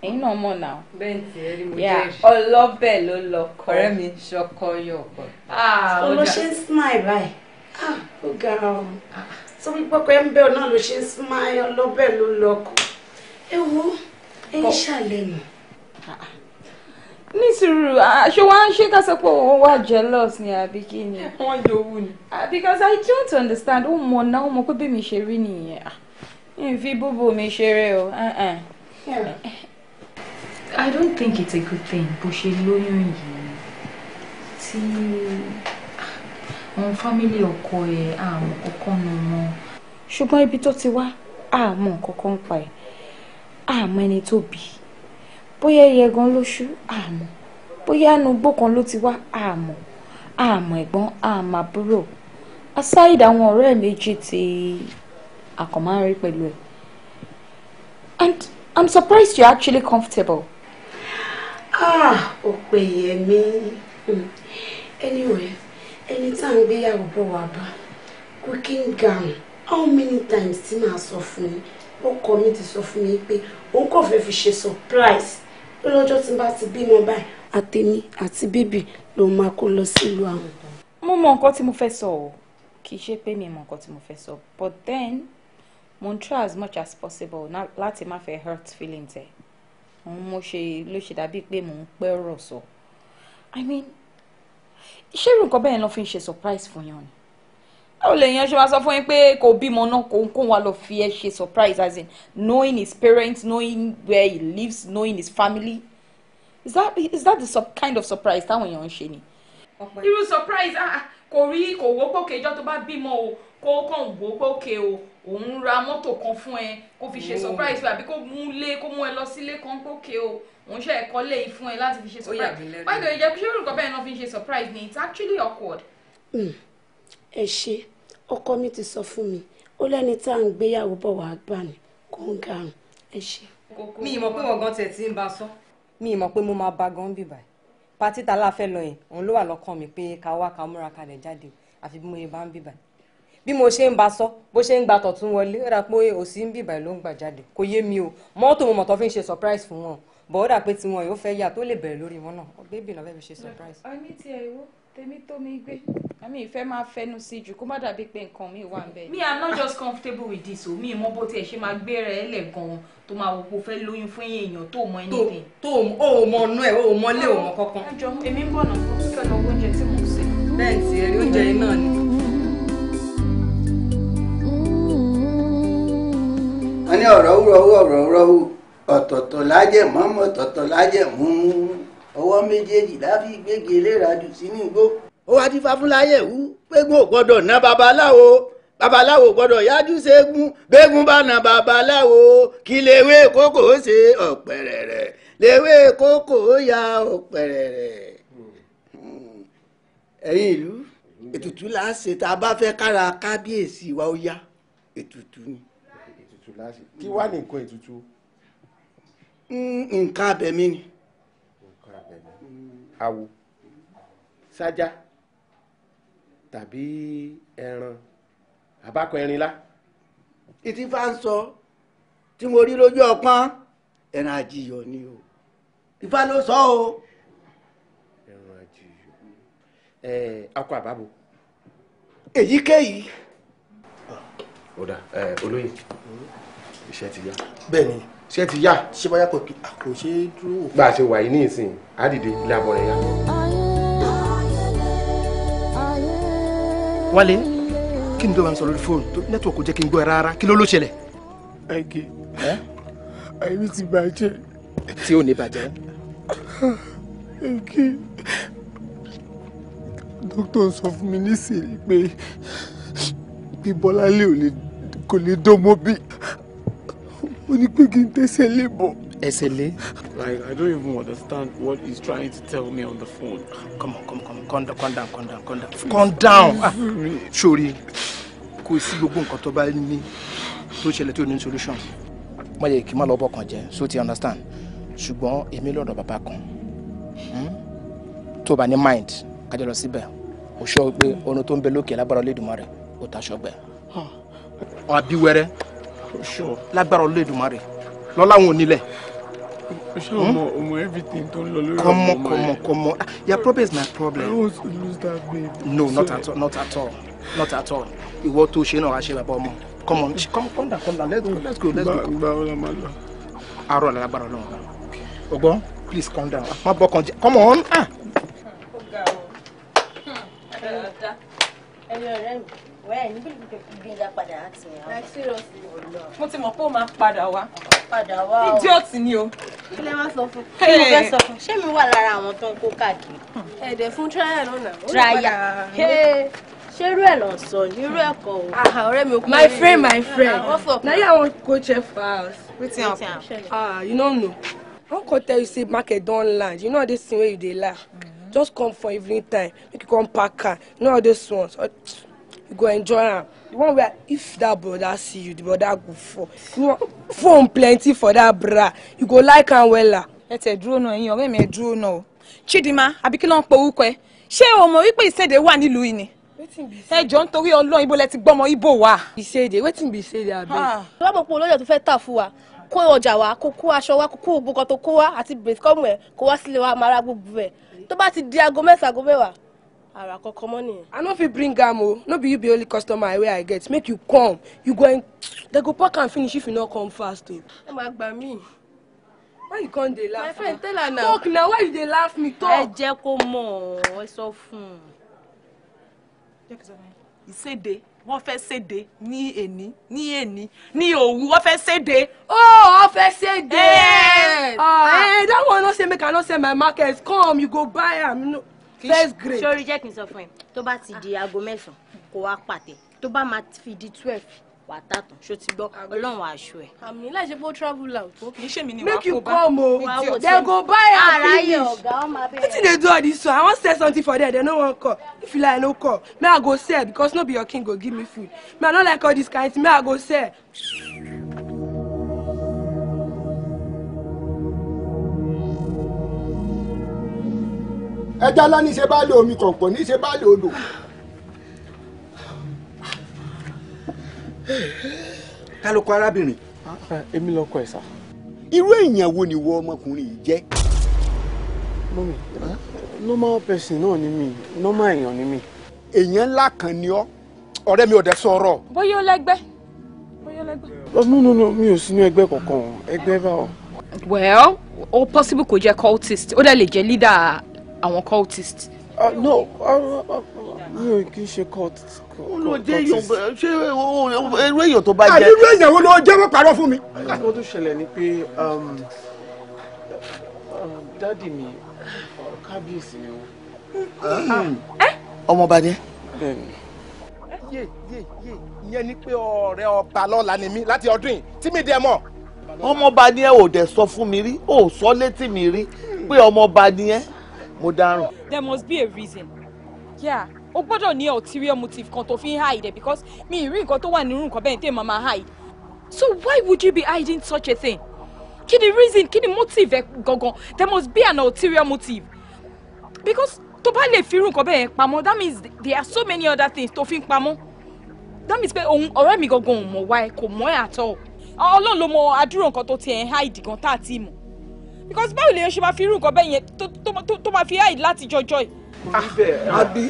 èyí ah, náà mọ̀ náà. bẹ́ẹ̀ ni ẹ rí mo jẹ́ ìṣe. ọlọ́bẹ̀ ló lọ kọ́ ọ̀rẹ́ mi ṣọkọ yọ̀ọ̀kọ̀. Ah, olóṣèlú smile báyìí ó gara ọ̀hún tó ń pọkọ ẹ ń bẹ ọ náà ló ṣe ń smile lọbẹ ló lọkọ ẹ wo ẹ ń ṣàlẹmọ. Ah, ah. nísìrù ah, ṣé wàá ṣe ká sọ pé òun wà jealous ni àbí kí ni. wọ́n yòówù ni. because i don't understand ó mọ̀ náà ó mọ̀ pé bí mi ṣe rí nìyẹn n fi búbu mi ṣeré o. I don't think it's a good thing bó ṣe lóyún yìí tí àwọn fámílì ọkọ ẹ̀ àmọ́ kọ̀ọ̀kan nù wọn. ṣùgbọ́n ibi tó ti wá àmọ́ kọ̀ọ̀kan pa ẹ̀ àmọ́ ẹni tó bí i bóyá ẹyẹ gan ló ṣú àmọ́ bóyá inú igbó kan ló ti wá àmọ́ àmọ́ ẹ̀gbọ́n àmọ́ àbúrò aside àwọn ọ̀rẹ́ méjì tí àkànmá ń rí pẹ̀lú ẹ̀ and i'm surprised you're actually comfortable. ah ọ̀pẹ̀yẹmí ẹni wẹ̀ẹ́. Anytime tá à ń gbéyàwó bọ̀ cooking gown how many times tí màá sọ fún mi ọkọ mi ti sọ fún mi pé òun kò fẹ́ fi ṣe surprise pé lọ́jọ́ tí n bá ti bímọ báyìí àtèmi àti bébì lòun máa kó lọ sílùú àwọn. mo mọ nǹkan tí mo fẹ́ sọ o kì í ṣe pé mi mọ nǹkan tí mo fẹ́ sọ but then mo n try as much as possible láti má fẹ́ hurt feelings ẹ̀ òun mo ṣe ló ṣe dàbí pé mò ń pẹ́ rọ̀ sọ i mean ṣé irú nǹkan bẹ́ẹ̀ lọ fi ń ṣe surprise fún yàn ni báwo lèèyàn ṣe máa sọ fún yín pé kò bímọ náà kò ń kó wa lọ fi ẹ ṣe surprise as in knowing his parents knowing where he lives knowing his family is that is that the sub kind of surprise táwọn èèyàn ń ṣe ni. irú surprise ah, ah, kò rí kò wọ́pọ̀ kéjọ́ tó bá bímọ o kó kàn wò ó o òun ra mọ́tò kan fún ẹ kó fi ṣe surprise àbí kó mú lé kó mú ẹ lọ sílé kan pókè o òun ṣe ẹ̀kọ́ lé fún ẹ láti fi ṣe surprise báyìí lóye jẹ́ pé ṣé olùkọ́ bẹ́ẹ̀ náà fi ṣe surprise ni it's actually awkward. Hmm. ẹ ṣe ọkọ mi ti sọ fún mi ó lẹ́ni tá à ń gbéyàwó bọ̀ wá gbà ní kó ń garun ẹ ṣe. mi ìmọ̀ pé wọ́n gan tẹ̀ tí ń bá sọ mi ìmọ̀ pé mo máa ba gan bì báyìí pátí ta láfẹ́ lọ yẹn òun ló wà lọ́kàn mi pé ká wá ká múra kalẹ̀ jáde àfi bí mo yẹn bá ń bì báyìí bí mo ṣe ń ba sọ bó ṣe ń gba tọ̀tún wọlé ó dà pé òsì ń bì ló ń gbà jáde kò yé mi o mọ́tò mo mọ̀ fi ń ṣe surprise fún wọn bọ́ọ̀dà pé tí wọn yóò fẹ́ yà tó lè bẹ̀rẹ̀ lórí wọn náà bébì náà fẹ́ẹ́ ṣe surprise. ọ ní tiẹ̀ ìwọ tèmi tó mi gbé àmì ìfẹ́ máa fẹnu sí jù kó má dàbí pé nǹkan mi wà ń bẹ. mi i'm not just comfortable with this o mi mọ bó tiẹ̀ ṣe máa gbé rẹ̀ lẹ̀ gan-an tó máa wò kó fẹ́ lóyún fún èèyàn tó mọ anything. tó o mọ ọ̀nà ẹ̀ o mọ ilé o mọ kankan. ẹ jọ èmi ń bọ̀ náà mo fẹ́ lọ oúnjẹ tí mo ń sè. bẹ́ẹ̀ ẹ̀rí oúnjẹ yìí náà ni. a ní ọ̀rọ̀ wúrọ̀ wú ọ̀rọ̀ wúrọ̀ wú. ọ̀tọ̀ọ̀tọ̀ lájẹ̀ mọ́mọ́ mú ọwọ́ méjèèjì láfi gbégi eléradù sínú igbó ó wá ti fa wú pégun ò gbọ́dọ̀ ná babaláwo yájú bá na babaláwo kí lewé ṣe lewé ya ọ̀pẹ̀rẹ̀rẹ̀ ẹ̀yin ìlú ètùtù Mm, nǹkan abẹ̀mí ni. nǹkan abẹ̀mí mm. awo sájà tàbí ẹran àbákọ ẹrinlá. ìtì fa ń sọ tí mo rí lójú ọpọ́n ẹran àjìyọ ni o Ifá ló sọ o. ẹran àjìyọ ẹ akọ àbábo. èyíkéyìí. ọ̀dà olóyè iṣẹ́ ti yá. bẹ́ẹ̀ ni ṣé ti yá. ṣé báyà kò kí kò ṣe é dúró. bá a ṣe wà yìí ní ìsìn á dìde ilé abọ́ rẹ̀ yá. wálé kí ni tó máa ń sọ lórí fóònù tó nẹ́tíwọ̀kì kò jẹ́ kí n gbọ́ ẹ rárá kí ló ló ṣẹlẹ̀. ẹ̀gẹ̀ ayé mi ti bàjẹ́. tí ò ní bàjẹ́. ẹ̀gẹ̀ dókítà sọ fún mi nísìnyí pé bí Bọ́láńlé kò lè dánmọ́ bí ó ní pé kí n tẹsẹ̀ lé bọ̀. ẹsẹ̀ lé. like i don't even understand what he's trying to tell me on the phone. come on come on come on calm down calm down calm down calm down calm down. sori kò sí gbogbo nǹkan tó bá ní tó ṣẹlẹ̀ tó ní solution má yẹ kí n má lọ bọ̀kàn jẹ́ so ti understand ṣùgbọ́n èmi lọ́dọ̀ bàbá kan hmm? tó bá ní mind kájọ lọ síbẹ̀ o ṣọ́ pé ohun tó ń bẹ lókè lágbára Olódùmarè ó ta ṣọ́gbẹ́ ah. àbí wẹ́rẹ́ lágbára Olódùmarè lọ́lá wọn ò nílẹ̀. ọmọ hmm? ọmọ everything tó ń lọ lórí ọmọ yẹn. kọmọ kọmọ kọmọ your problem is my problem. I want to lose that baby. no not at all not at all not at all ìwọ tó ṣe náà wá ṣe bàbá ọmọ come on come come down come down let's go let's go let's go. gba ọlọ ma lọ. arọ lágbára Ọlọ́run ọgbọn please calm down ah, má bọ kan jẹ come on. ẹyin ah. ọ̀rẹ́ hmm, mi wẹ́ẹ̀ mo ti mọ̀ pé ó máa padà wá. padà wá o. idiot ni o. kí lè má sọ fún. kí lè fẹ́ sọ fún. ṣé mi wà lára àwọn tó ń kó káàkiri. Hmm. ẹ̀dẹ̀ fún trial lónà. trial ṣé irú ẹ̀ lọ sọ ní irú ẹ̀ kọ o. aha ọ̀rẹ́ mi ò kú. my friend my friend na you wan go check for wetin happen. ah you no know. i tell you say market don land you know this thing wey you dey laugh. Mm-hmm. just come for evening time make you come pack car you know all those ones you go enjoy am the one where if that brother see you the brother go fall you wan phone plenty for that bra you go like am wella. ẹ tẹ dúró náà ẹ̀yin ọ̀rẹ́ mi ẹ dúró náà o Chidinma àbí kí ló ń porúkọ ẹ ṣé o mọ̀ wípé ìsédè wà nílùú yìí ni ẹ jọ nítorí Ọlọ́run ibo lẹ ti gbọ́mọ ibo wa. ìsédè wetin be ìsédè abeg. lọ́pọ̀ pé olóyè tó fẹ́ tà fún wa kó ọjà wa kó kó aṣọ wa kó kó gbogbo kan tó kó wa àti bèsíkọ́mù ẹ̀ kó wá sílé wa máa gbogbo ẹ̀ tó bá ti di aago mẹ́sàn-án aago mẹ́wàá ara kọkọ mọ nìyẹn. i no fit bring am o no be you be only customer wey i get make you come you go in they go pack am finish if you no come fast o. ẹ máa gbà mí why you come dey laugh. my friend tell her now talk na why you dey laugh me talk. ẹ jẹ́ kó mọ̀ ọ́ ẹ sọ fún un. ìséde wọ́n fẹ́ séde ní èní ní èní ní òwú wọ́n fẹ́ séde. oh wọ́n fẹ́ séde. ẹ ẹ ah, eh, that one no say make i no sell my market come you go buy am. No first grade. sori jẹ́ kí n sọ fún ẹ tó bá ti di aago mẹ́sàn-án kó wá pàtẹ tó bá máa fi di twelve wà á tàtàn ṣó ti gbọ́ ọlọ́run àṣọ ẹ̀. àmì láì ṣe travel out ó kì í ṣèmi ni wàá kó bá. make you come o dem go buy am finish wetin dey do all this one i wan sell something for there dem no wan call if you like no call may i go sell because no be your king go give me food may i no like all this kind thing may i go sell. ẹja ńlá ní í ṣe bá lé omi kọ̀ǹkọ̀ ní ṣe bá lé odò. ta ló kọ arábìnrin. Ah, eh, èmi lọkọ ẹ sá. irú èèyàn wo ni wọ ọmọkùnrin yìí jẹ́. mọ́mí ah, normal person náà ni mí normal èèyàn ni mí. èèyàn ńlá kan ni ọ́ ọ̀rẹ́ mi ò dẹ̀ sọ̀rọ̀. bóyá ó lẹ́gbẹ́ bóyá ó lẹ́gbẹ́. Oh, mi ò sínú ẹgbẹ́ kankan ẹgbẹ́ báwo. well ó possible kó jẹ́ cultist ó dẹ̀ lè jẹ́ leader àwọn cultist. Uh, ah, no ah, ah, mi ò kí n ṣe cultist. ó lọ jẹ́ èèyàn ṣé irú èèyàn tó bá jẹ́. àdúrú èèyàn wo ló jẹ́ wọ́n parọ́ fún mi. nǹkan tó ṣẹlẹ̀ ni pé um, um, dádì mi kábíyèsí ni o. Eh? ọmọọba ni. bẹ́ẹ̀ni yé yé yé ìyẹn ni pé ọ̀rẹ́ ọba lọ́la ni mí láti ọdún yìí tí mi dẹ mọ̀. ọmọọba ni ẹ ò dẹ sọ fún mi rí ò sọ létí mi rí pé ọmọọba ni ẹ mo dárùn. there must be a reason yeah o gbọ́dọ̀ ní ulterior motive kan tó fi ń hide because mi ì rí nǹkan tó wà nínú nǹkan bẹ́ẹ̀ tẹ́ màmá hide so why would you be hiding such a thing kí ni reason kí ni motive ẹ gangan there must be an ulterior motive because tó bá lè fi irú nǹkan bẹ́ẹ̀ pamọ́ that means there are so many other things tó fi ń pamọ́ that means pé òun ọ̀rẹ́ mi gangan ò mọ̀ wá ẹ kò mọ̀ ẹ́ àtọ̀ ọlọ́run ló mọ àdúrò nǹkan tó ti hide gan tá a ti mọ̀ because báwo lèèyàn ṣe máa fi irú nǹkan bẹ́ẹ̀ yẹn tó máa fi hide láti jọjọ́ yìí. Ah, kò rí bẹ́ẹ̀ àbí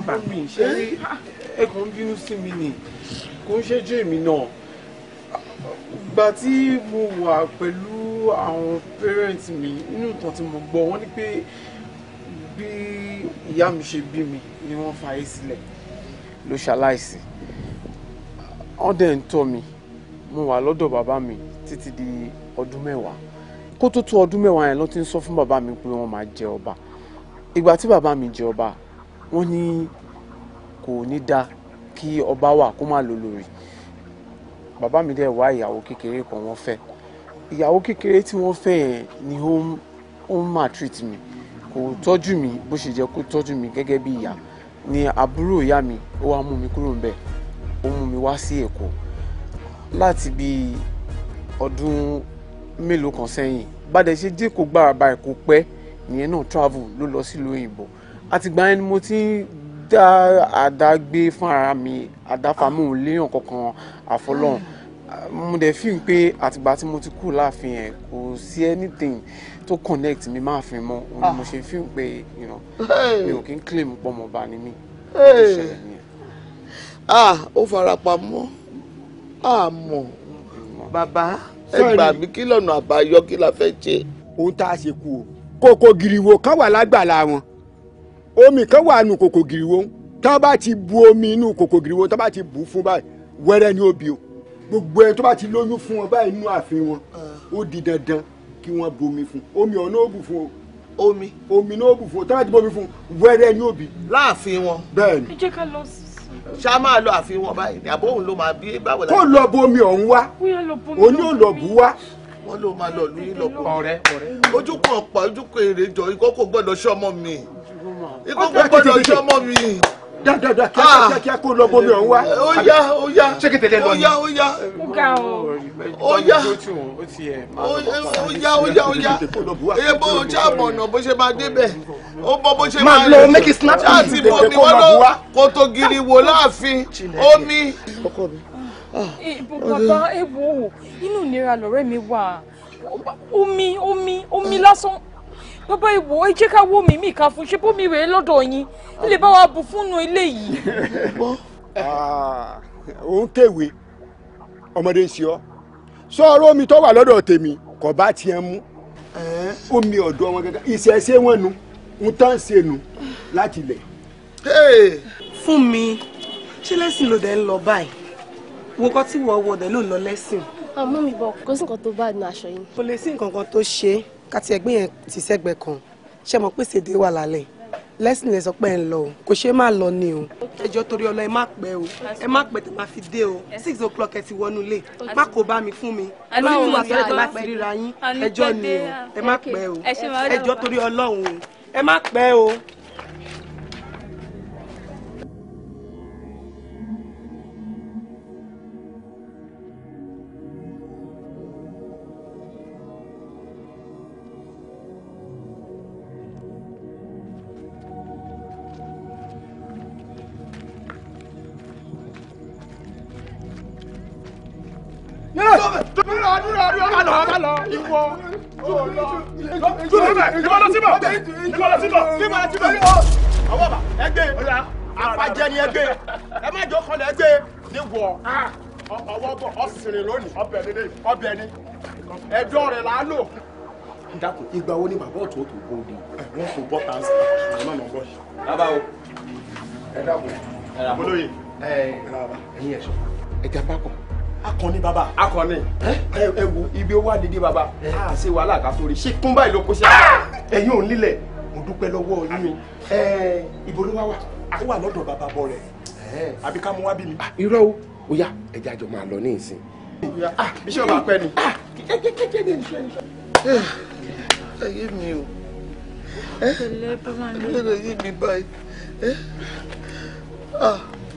nbà mi ṣe rí ẹkùn bínú sí mi nì kò ń ṣẹ́jú èmi náà ìgbà tí mo wà pẹ̀lú àwọn parents mi inú ìtàn tí mo gbọ́ wọ́n ní pé bí ìyá mi ṣe bí mi ni wọ́n fa ayé sílẹ̀ ló ṣaláìsí wọ́n dẹ̀ ń tọ́ mi mo wà lọ́dọ̀ bàbá mi títí di ọdún mẹ́wàá kó tó tó ọdún mẹ́wàá yẹn ló ti ń sọ fún bàbá mi pé wọ́n máa jẹ ọba ìgbà tí bàbá mi jẹ ọba wọ́n ní kò ní da kí ọba wà kó má lò lórí bàbá mi dẹ̀ wá ìyàwó kékeré kan wọ́n fẹ́ ìyàwó kékeré tí wọ́n fẹ́ yẹn ni ó ń treat mi kò tọ́jú mi bó ṣe jẹ́ kó tọ́jú mi gẹ́gẹ́ bí ìyá ni àbúrò ìyá mi ó wá mú mi kúrò ńbẹ̀ ó mú mi wá sí Èkó láti bíi ọdún mélòó kan sẹ́yìn bàdẹ̀ ṣe dé kó gbára báyìí kó pẹ́ nìyẹn náà travel ló lọ sílùú òyìnbó àtìgbà yẹn ni mo ti ń dá àdágbé fún ara mi àdáfàmù léèyàn kankan àfọlọ́hún mo dẹ̀ fi pé àtìgbà tí mo ti kú láàfin yẹn kò sí anything tó connect mi máa fi mọ́ òun ni mo ṣe fi pé mi ò kí ń claim pọ̀ ah, mọ́ bá ní mi ó fara pamọ́ àmọ́ bàbá ẹ gbà mí kí lọ́nà àbáyọ kí la fẹ́ ṣe. ohun tá a ṣe kú o kòkò gìrìwò kan wà lágbàlá wọn omi kan wà nù kòkò gìrìwò tó bá ti bu omi inú kòkò gìrìwò tó bá ti bù fún báyìí wẹ́rẹ́ ni ó bí o gbogbo ẹ tó bá ti lóyún fún wọn báyìí inú ààfin wọn ah. ó di dandan kí wọ́n bomi fún omi ọ̀nà ó bù fún o omi omi ní ó bù fún o tó bá ti bomi fún wẹ́rẹ́ ni ó bí. láàfin wọn. bẹ́ẹ̀ni. ẹ jẹ́ ká lọ sí ṣá máa lọ àfihàn wọn báyìí àbó òun ló máa bí báwo la. kó lọ bomi ọ̀hún wá òní ò lọ bù wá. wọn ló máa lọ lórí lọkọ ọ̀rẹ́ ọ̀rẹ́. ojú kan pa ojú kan èrè jọ ikọ́ kò gbọ́dọ̀ ṣọmọ mi ikọ́ kò gbọ́dọ̀ ṣọmọ mi dáadáa kíákíá kíákíá ah. kó lọ bómi ọ̀hún wá. ó yá ó yá ṣékètèlé lọ ni. ó yá ó yá ó ga o. ó yá ó yá ó yá ó yá eye bó o já mọ̀nà bó ṣe máa débẹ̀ ó bọ́ bó ṣe máa lọ make it snap easy àti bomi wọn lọ kó tó giri wò láàfin omi. ìbùkọ̀tà ewu inú ìnira lọ̀rẹ́ mi wà omi omi omi lásán bàbá ìwò ẹ jẹ́ ká wó mi mí ká fún ṣe bómi rèé lọ́dọ̀ yín ilé bá wa bù fún un ilé yìí. ó <laughs> ah, ń kéwé ọmọdé ń ṣe ọ sọ ọ̀rọ̀ omi tó wà lọ́dọ̀ tèmi kò bá tiẹ̀ mú omi ọ̀dọ̀ wọn gẹ́gẹ́ ìṣẹ̀ṣe wọn nu ń tán ṣe nu láti lẹ̀. fún mi ṣé lẹ́sìn ló dé ń lọ báyìí wo kọ́ tí wọ́n wọ̀ dé ló ń lọ lẹ́sìn. àmọ́ mi bọ̀ kó sí nǹkan tó bá nu aṣọ yìí. kò lè sí nǹkan kan tó ṣe é káti ẹgbẹ́ yẹn ti sẹ́gbẹ́ kan ṣe mọ̀ pé ṣèdè wà lálẹ́ lẹ́sìn lè sọ pé ẹ̀ ń lọ o kò ṣe é má lọ ni o. ẹ jọ̀ọ́ torí ọlọ ẹ má pẹ́ o ẹ má pẹ́ tẹ máa fi dé o six o'clock ẹ ti wọnú lé má kó bá mi fún mi lórí nínú àtọ́lẹ̀ tẹ bá ríra yín ẹjọ́ ni o ẹ má pẹ́ o ẹ torí Ọlọ́run o ẹ má pẹ́ o. dúró bẹ̀ ìbọn lọ síbọ̀ ìbọn lọ síbọ̀ ìbọn lọ síbọ̀ ọwọ́ bà ẹgbẹ́ apajẹ ni ẹgbẹ́ ẹ má jọ kọlẹ̀ ẹgbẹ́ ni wọ̀ ah. ọwọ́ bọ̀ ọ̀sìnrìn lónìí ọbẹ̀ ni ọbẹ̀ ni ẹjọ́ rẹ̀ là á lò. dàpọ̀ ìgbà wo ni bàbá ọ̀tún tó bó di wọ́n kò bọ́ tá a sì mọ̀ bọ́ yìí. bàbá o ẹ dàpọ̀ olóye ẹ̀yin ẹ̀ṣọ́ ẹ̀jẹ̀ bá kọ̀ akọni baba. akọni ẹ ẹ wo ibi ó wà dídí baba a ṣe wàhálà ká torí ṣe kún báyìí ló kó sí àgbà ẹ̀yin ò nílẹ̀ mo dúpẹ́ lọ́wọ́ yín ẹ ibo ló wá wà. ó wà lọ́dọ̀ bàbá bọ̀ rẹ̀ àbí ká mú wá bí mi. Ah, irọ́ o ó yá ẹja àjọ máa lọ ní ìsìn. Ah, bíṣọ̀ bá pẹ́ ni. ayé ah, mi o ẹlẹ́dọ̀ yé mi báyìí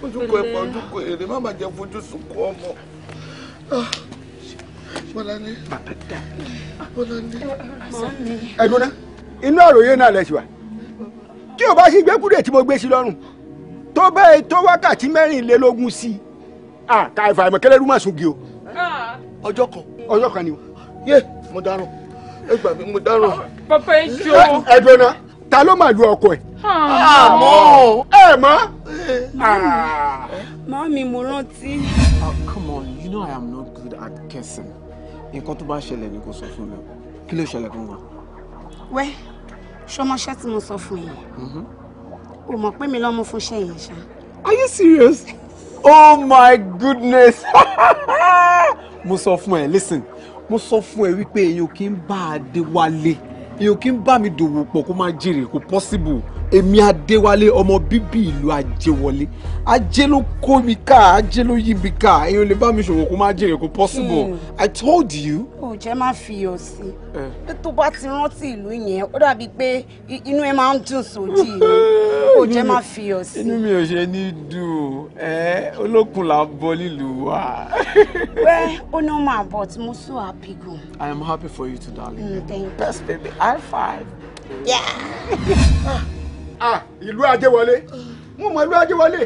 ojúkọ ẹ̀pọ̀ ojúkọ èrè má má jẹ́ fojú sunkún ọmọ. Bọ́láńlé. Bàbá dà. Bọ́láńlé. Ẹ̀dùnà, inú àròyé náà lẹ̀ sí wa. Tí o bá sì gbé kúrè tí mo gbé sí lọ́rùn, tó bẹ́ẹ̀ e tó wákàtí mẹ́rìnlélógún sí i, àka ìfàìmọ̀ kẹlẹ́rú mà sùn gé o. Ọjọ́ kan. Ọjọ́ kan ni o. Yé mo dáràn. Ẹ gbà mí mo dáràn. Bàbá ẹ ṣe o. Ẹ̀dùnà ta ló máa lu ọkọ ẹ̀. àmọ́ ẹ mọ́. màámi mo rántí. Ah, come on you know i am not good at kissing nǹkan tó bá ṣẹlẹ̀ ni kò sọ fún mi kí ló ṣẹlẹ̀ fún wa. wẹ́ ṣọmọṣẹ́ tí mo sọ fún yìí mm-hmm. o mọ̀ pé mi lọ́mú fún iṣẹ́ yẹn ṣá. are you serious? oh my goodness <laughs> mo sọ fún ẹ listen mo sọ fún ẹ wípé èèyàn kì í bá a dé wálé èèyàn kì í bá mi dòwò pọ̀ kó má jèrè kó possible èmi adéwálé ọmọ bíbí ìlú ajéwọlé ajé ló kó mi ká ajé ló yí mi ká èèyàn lè bá mi ṣòwò kó má jèrè kó possible hmm. i told you. kò jẹ́ má fi iyọ̀ sí i eh. tó bá ti rántí ìlú yẹn ó dàbí pé inú ẹ máa ń dùn sódì kò jẹ́ má fi iyọ̀ sí inú mi ò ṣe ní dùn ẹ eh, olókun là bọ nílùú wa. wẹ́ẹ́ ó ní ó máa tí mo so happy gan. i am happy for you too darling. Mm, high five. <laughs> Ah, ìlú ajéwọlé mo mọ ìlú ajéwọlé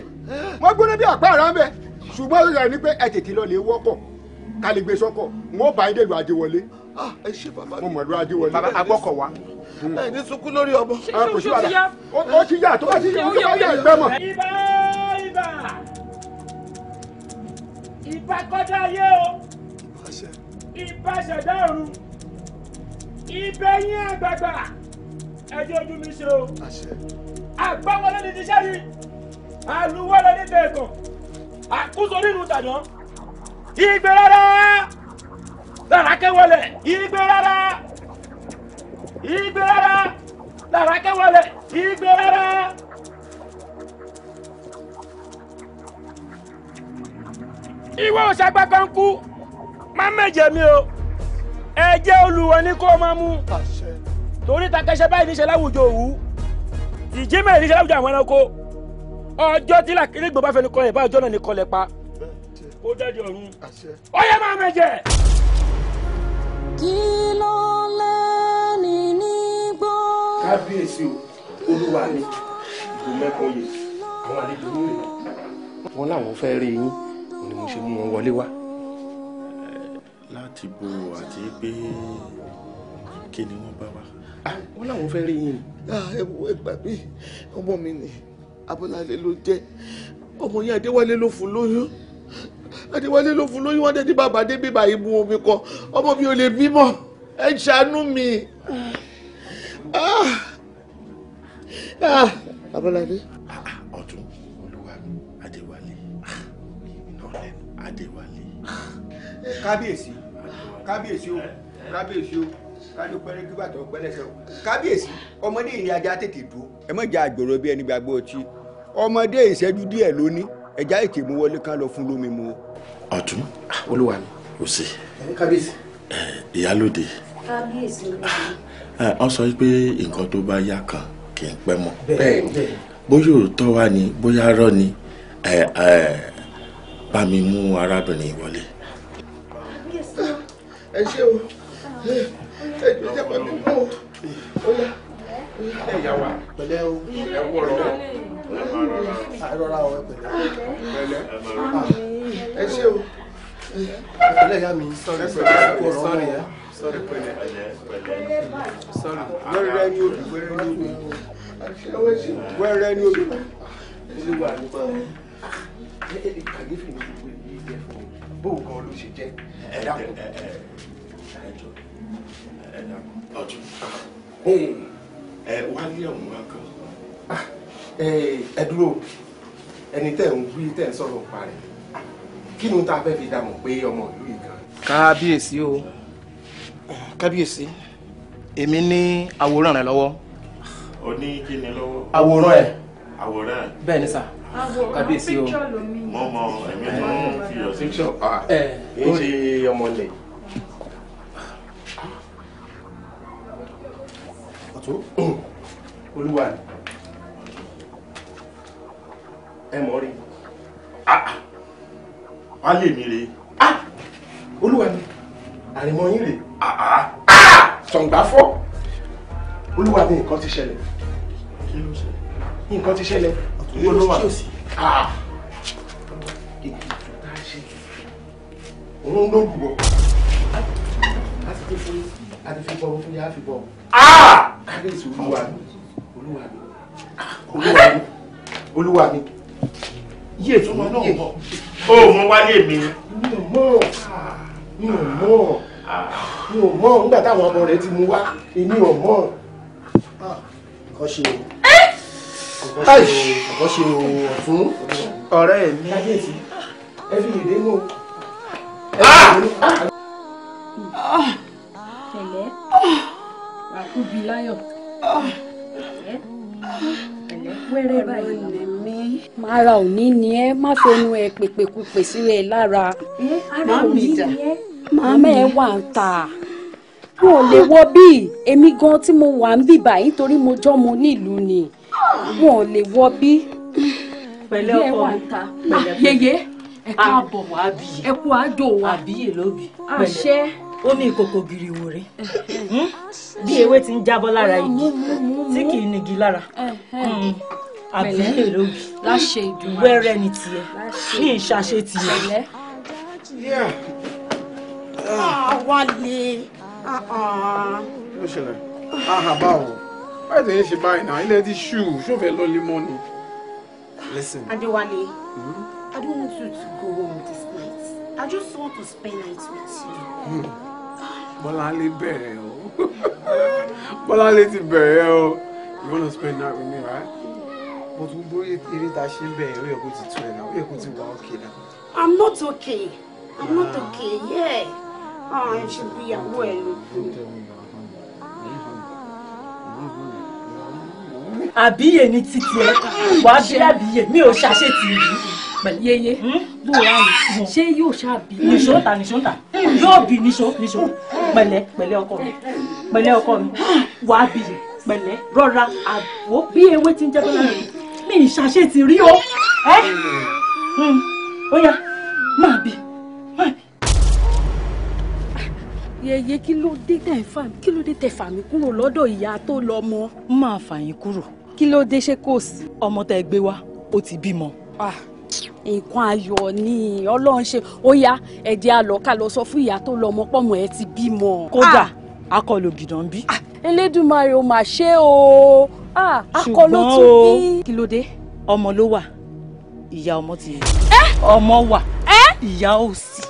mo gbóná bí àpá àrà ń bẹ ṣùgbọ́n ó rẹ̀ ní pé ẹ tètè lọ lè wọ́pọ̀ ká lè gbé sọ́kọ̀ wọn ò bá yín dèlú ajéwọlé ah, mo mọ ìlú ajéwọlé. bàbá agbọ́kọ̀ wa hmm. ẹ ní sunkún lórí ọmọ. Ah, kò sí wàhálà ó ti yà tó bá ti yà ìgbẹ́ mọ̀. ibà ibà ibà kọjá yé o ibà ṣẹ̀dá ọ̀run ibẹ̀ yín àgbààgbà ẹjọ́ ojú mi ṣe o àgbáwọlé ni tíṣẹ́ yìí àlùwọ́lé ní tẹ̀kọ̀ àkóso nínú tàdán igbe rárá làrákẹ́wọlẹ̀ igbe rárá igbe rárá làrákẹ́wọlẹ̀ igbe rárá. ìwé òṣàgbà kan kú má méje mi o ẹ̀jẹ̀ olùwọ̀ ni kó máa mú torí takẹ́sẹ́ báyìí níṣẹ́ láwùjọ òwú ìjímẹ̀ níṣẹ́ láwùjọ àwọn ẹranko ọjọ́ tí làkìrí bá fẹ́ ni kọlẹ̀ bá ọjọ́ náà ni kọlẹ̀ pa ó dájú ọ̀run ó yẹ máa mẹ́jẹ̀. kí ló lẹ́ni nígbó. kábíyèsí o olúwa ni ìlú mẹ́kọ̀ọ́ yẹ àwọn àlejò lóore. wọ́n láwọn fẹ́ rí yín ni mo ṣe mú wọn wọlé wá láti bo àti pé kí ni wọ́n bá wa. Ah, wọ́n láwọn fẹ́ rí yín ni. Ah, ẹ wo ẹgbà mi ọmọ mi ni abọ́láde ló jẹ́ ọmọ yẹn adéwálé ló fún lóyún adéwálé ló fún lóyún wọn dé ní bàbá dé bíbá ìmú omi kan ọmọ mi ò lè bímọ ẹ ṣàánú mi. Ah, abọ́láde. ọ̀tún olúwa mi adéwálé náà lẹ́nu adéwálé. kábíyèsí kábíyèsí o kábíyèsí o kájú pẹ́rẹ́ kí bàtọ̀ pẹ́lẹ́sẹ̀ o kábíyèsí ọmọdé yìí ajá tètè dúró ẹ má jà àgbòrò bí ẹni gbàgbọ́ ọtí ọmọdé ìṣẹ́jú díẹ̀ lóní ẹja ètè mú wọlé ká lọ fún lómi mu. ọ̀tún olúwa mi. kò sí. kábíyèsí. ìyálòde. kábíyèsí olúwa mi. wọ́n sọ pé nǹkan tó bá yá kan kì í pẹ́ mọ́. bẹ́ẹ̀ bẹ́ẹ̀. bóyá òótọ́ wà ní bóyá rọ́ ni bá mi mú arábìnrin wọlé ẹ ṣé o ẹ jọ jẹ́ pẹ̀lú mú o ó yá ẹ yà wá pẹ̀lẹ́ o ẹ wọ̀ lọ́wọ́ àìrọ́ra o ẹ pẹ̀lẹ́ ẹ ṣé o pẹ̀lẹ́ ìyá mi sọ̀rọ̀ sọ̀rọ̀ yẹn sọ̀rọ̀ pẹ̀lẹ́ sọ̀rọ̀ wẹ́rẹ́ ní obì wẹ́rẹ́ ní obì wẹ́rẹ́ ní obì olúwa nípa kàgífì bóun gan ló ṣe jẹ́ ẹ dákun. ẹ dákun ọtún ẹ wálé ọ̀hún wá kan. Ah, ẹ dúró ẹni tẹ́ ń wí tẹ́ ń sọ̀rọ̀ pa rẹ̀ kí ni tá a fẹ́ fi dààmú pé ọmọ ìlú yìí gan. kábíyèsí o kábíyèsí èmi ní àwòrán rẹ lọ́wọ́. o ní kí ni lọ́wọ́. àwòrán ẹ. àwòrán ẹ. bẹ́ẹ̀ ni kábíyèsí o mọ mọ ẹmí mọ fi yọ sí ah, ẹ ń eh, ṣe ọmọ ilẹ̀ ọ̀tún <coughs> olúwa ni ẹ mọ̀ rí wá ah, lè ah. mi rè olúwa ni àrìmọ yín rè sọ̀ǹgbà olúwa ni nǹkan ti ṣẹlẹ̀ nǹkan ti ṣẹlẹ̀ ìwọ Ah. wà ètùtù tá a ṣe òun ló lù ọ láti fi Ah. láti fi bọ fún yàrá fi bọ ah! kábíyèsí olúwa mi olúwa mi olúwa mi olúwa mi yíyẹ tó máa náà mọ o mọ wálé mi ni. mi ò mọ̀ mi ò mọ̀ mi ò mọ̀ nígbà táwọn ọmọ rẹ ti mú wá èmi ò mọ̀ ah, nǹkan ṣe o àkọ́ṣe òwò fún ọ̀rẹ́ mi. ẹ fi lè ah! dé ah! láyọ̀ pẹ̀lẹ́ wẹ́rẹ́ báyìí ara ò ní ni ẹ má fi ẹnu ẹ pèpèkúpè sí ẹ lára ara ò ní ni ẹ ẹ wà ń tà wọn lè wọ bíi èmi gan tí mo wà ń bì báyìí torí mo jọ́ mo nílùú ni wọn ò lè wọ bí. pẹ̀lẹ́ ọkọ mi ta ah, pẹ̀lẹ́ pẹ̀lẹ́ yeye ẹ ah, káàbọ̀ ẹ kú àjò wa àbíyè lóbi pẹ̀lẹ́ ó ní ìkòkò gìrìwò rẹ hmm? bí ewé ti ń jábọ́ lára igi tí kì í nigi lára hmm. àbíyè lóbi láṣẹ ìdùnnú wẹ́rẹ́ ni tiẹ̀ ní ìṣàṣe tiẹ̀. Ah, wálé. Ló ṣẹlẹ̀, báyìí tó yẹn ṣe báyìí náà ilẹ̀ ti ṣù ṣòfẹ́ lọ lé mọ́ ni. listen. adéwálé mm? i don't want you to go home this night i just want to spend night with you. Hmm. bọ́láńlé bẹ̀rẹ̀ o <laughs> bọ́láńlé ti bẹ̀rẹ̀ o you wanna spend night with me right? mo tún bóyá eré ta ṣe ń bẹ̀rẹ̀ ó yẹ kó ti tún ẹ̀ náà ó yẹ kó ti wà okay náà. i'm not okay i'm not ah. okay yeah. Oh, I should be at work. àbíyè ní títí ẹ wà á bí lábíyè mi ò ṣàṣe tì í pẹ̀lú. yeye hmm? bó o ráàyè hmm. ṣé yóò ṣàbí. nìṣó ta nìṣó ta hmm. yóò bí nìṣó nìṣó pẹ̀lẹ́ pẹ̀lẹ́ ọkọ mi pẹ̀lẹ́ ọkọ mi wà á bíyè pẹ̀lẹ́ rọra àbò bí ewé ti ń jẹ́ bọ́lá rẹ̀ mi ìṣàṣe ti rí o. ó yá máa bíi. yẹyẹ kí ló dé tẹ̀ fà mí kí ló dé tẹ̀ fà mí kúrò lọ́dọ̀ ìyá tó lọ mọ. máa fà yín kúrò kí ló dé ṣe kò sí ọmọ tẹ́ gbé wá ó ti bímọ. Ah, nǹkan ayọ̀ ni ọlọ́run ṣe ó yá ẹ̀jẹ̀ alọ́ka lọ sọ fún ìyá tó lọ ọmọ pọ̀mọ́ ẹ ti bímọ. kódà ah. akọlò gidan bí. Ah, elédùnmarè ò mà ṣe o akọlò tún bí. kí ló dé ọmọ ló wà ìyá ọmọ ti yẹ eh? ọmọ wà eh? ìyá ò sí.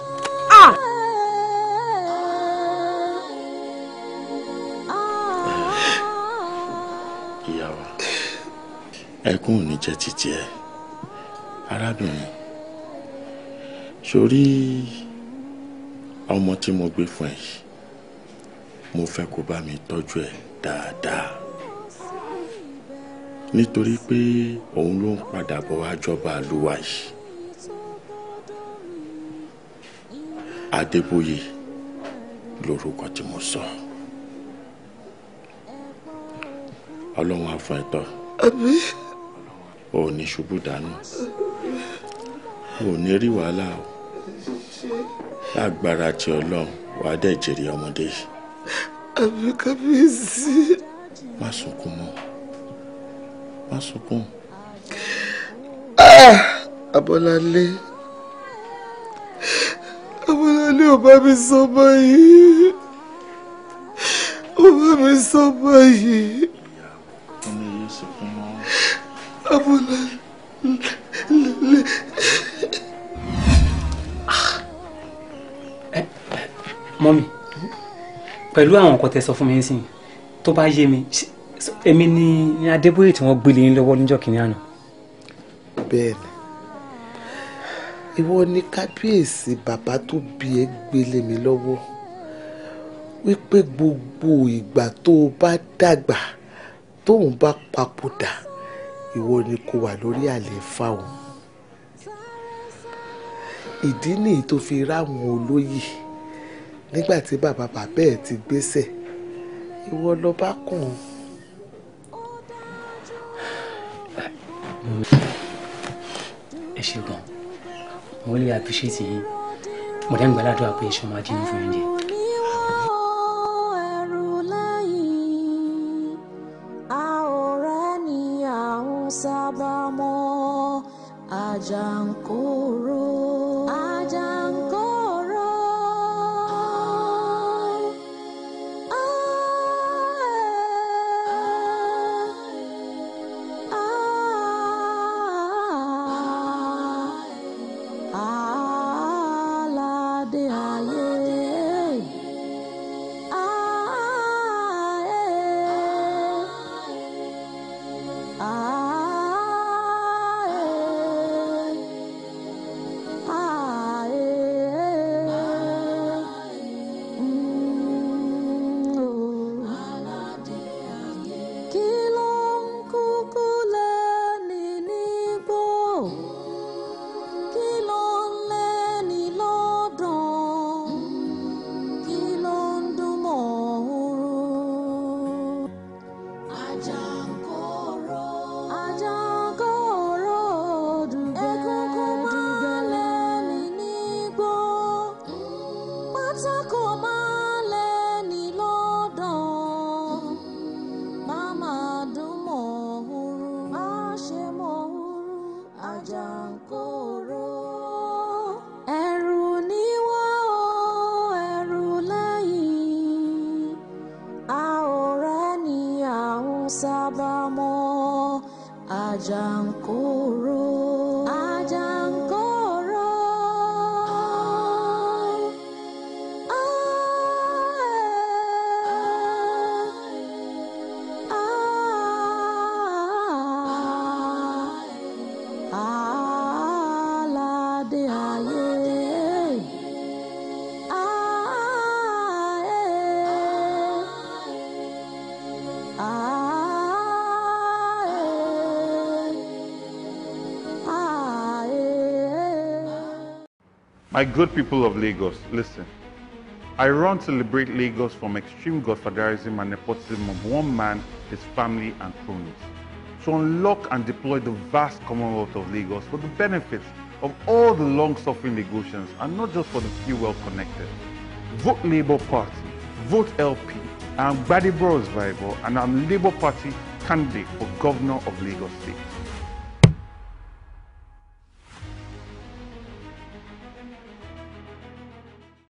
ẹkún ò ní jẹ́ títí ẹ arábìnrin sórí ọmọ tí mo gbé fún ẹ yìí mo fẹ́ kó bá mi tọ́jú ẹ dáadáa nítorí pé òun ló ń padà bọ̀ wá jọba àlùwà yìí Adébóyè lórúkọ tí mo sọ Ọlọ́run á fún ò ní ṣubú dànù ò ní rí wàhálà o lágbára ti ọlọ́run wàá dẹ̀ jèrè ọmọdé yìí. àbí kábíyèsí. má sunkún mọ́ má sunkún. Ah, abọ́lálé abọ́lálé ò bá mi sọ báyìí ò bá mi sọ báyìí abúlé lè. mọ́mí pẹ̀lú àwọn nǹkan tẹ sọ fún mi nísìnyí tó bá yé mi èmi ni adébóyè tí wọ́n gbélé yín lọ́wọ́ níjọ́ kìnìún àná. bẹ́ẹ̀ni ìwọ ni kábíyèsí bàbá tó bí ẹ gbélé mi lọ́wọ́ wípé gbogbo ìgbà tó o bá dàgbà tóun bá papòdà ìwọ ni kò wà lórí àlééfà o ìdí nìyí tó fi ráwọn olóyè nígbà tí bàbá bàbá ẹ̀ ti gbéṣẹ̀ ìwọ lọ bá kàn án. ẹ ṣe gan mo lè appreciate yín mo dẹ́gbàládùn àpò ìṣọ́ máa dín fún yín jẹ́. ọmọ Àjàǹkórò. My good people of Lagos, listen. I run to liberate Lagos from extreme godfatherism and nepotism of one man, his family, and cronies. To unlock and deploy the vast Commonwealth of Lagos for the benefits of all the long-suffering Lagosians and not just for the few well-connected. Vote Labour Party, vote LP. I'm Buddy Bros Bible and I'm Labour Party candidate for Governor of Lagos State.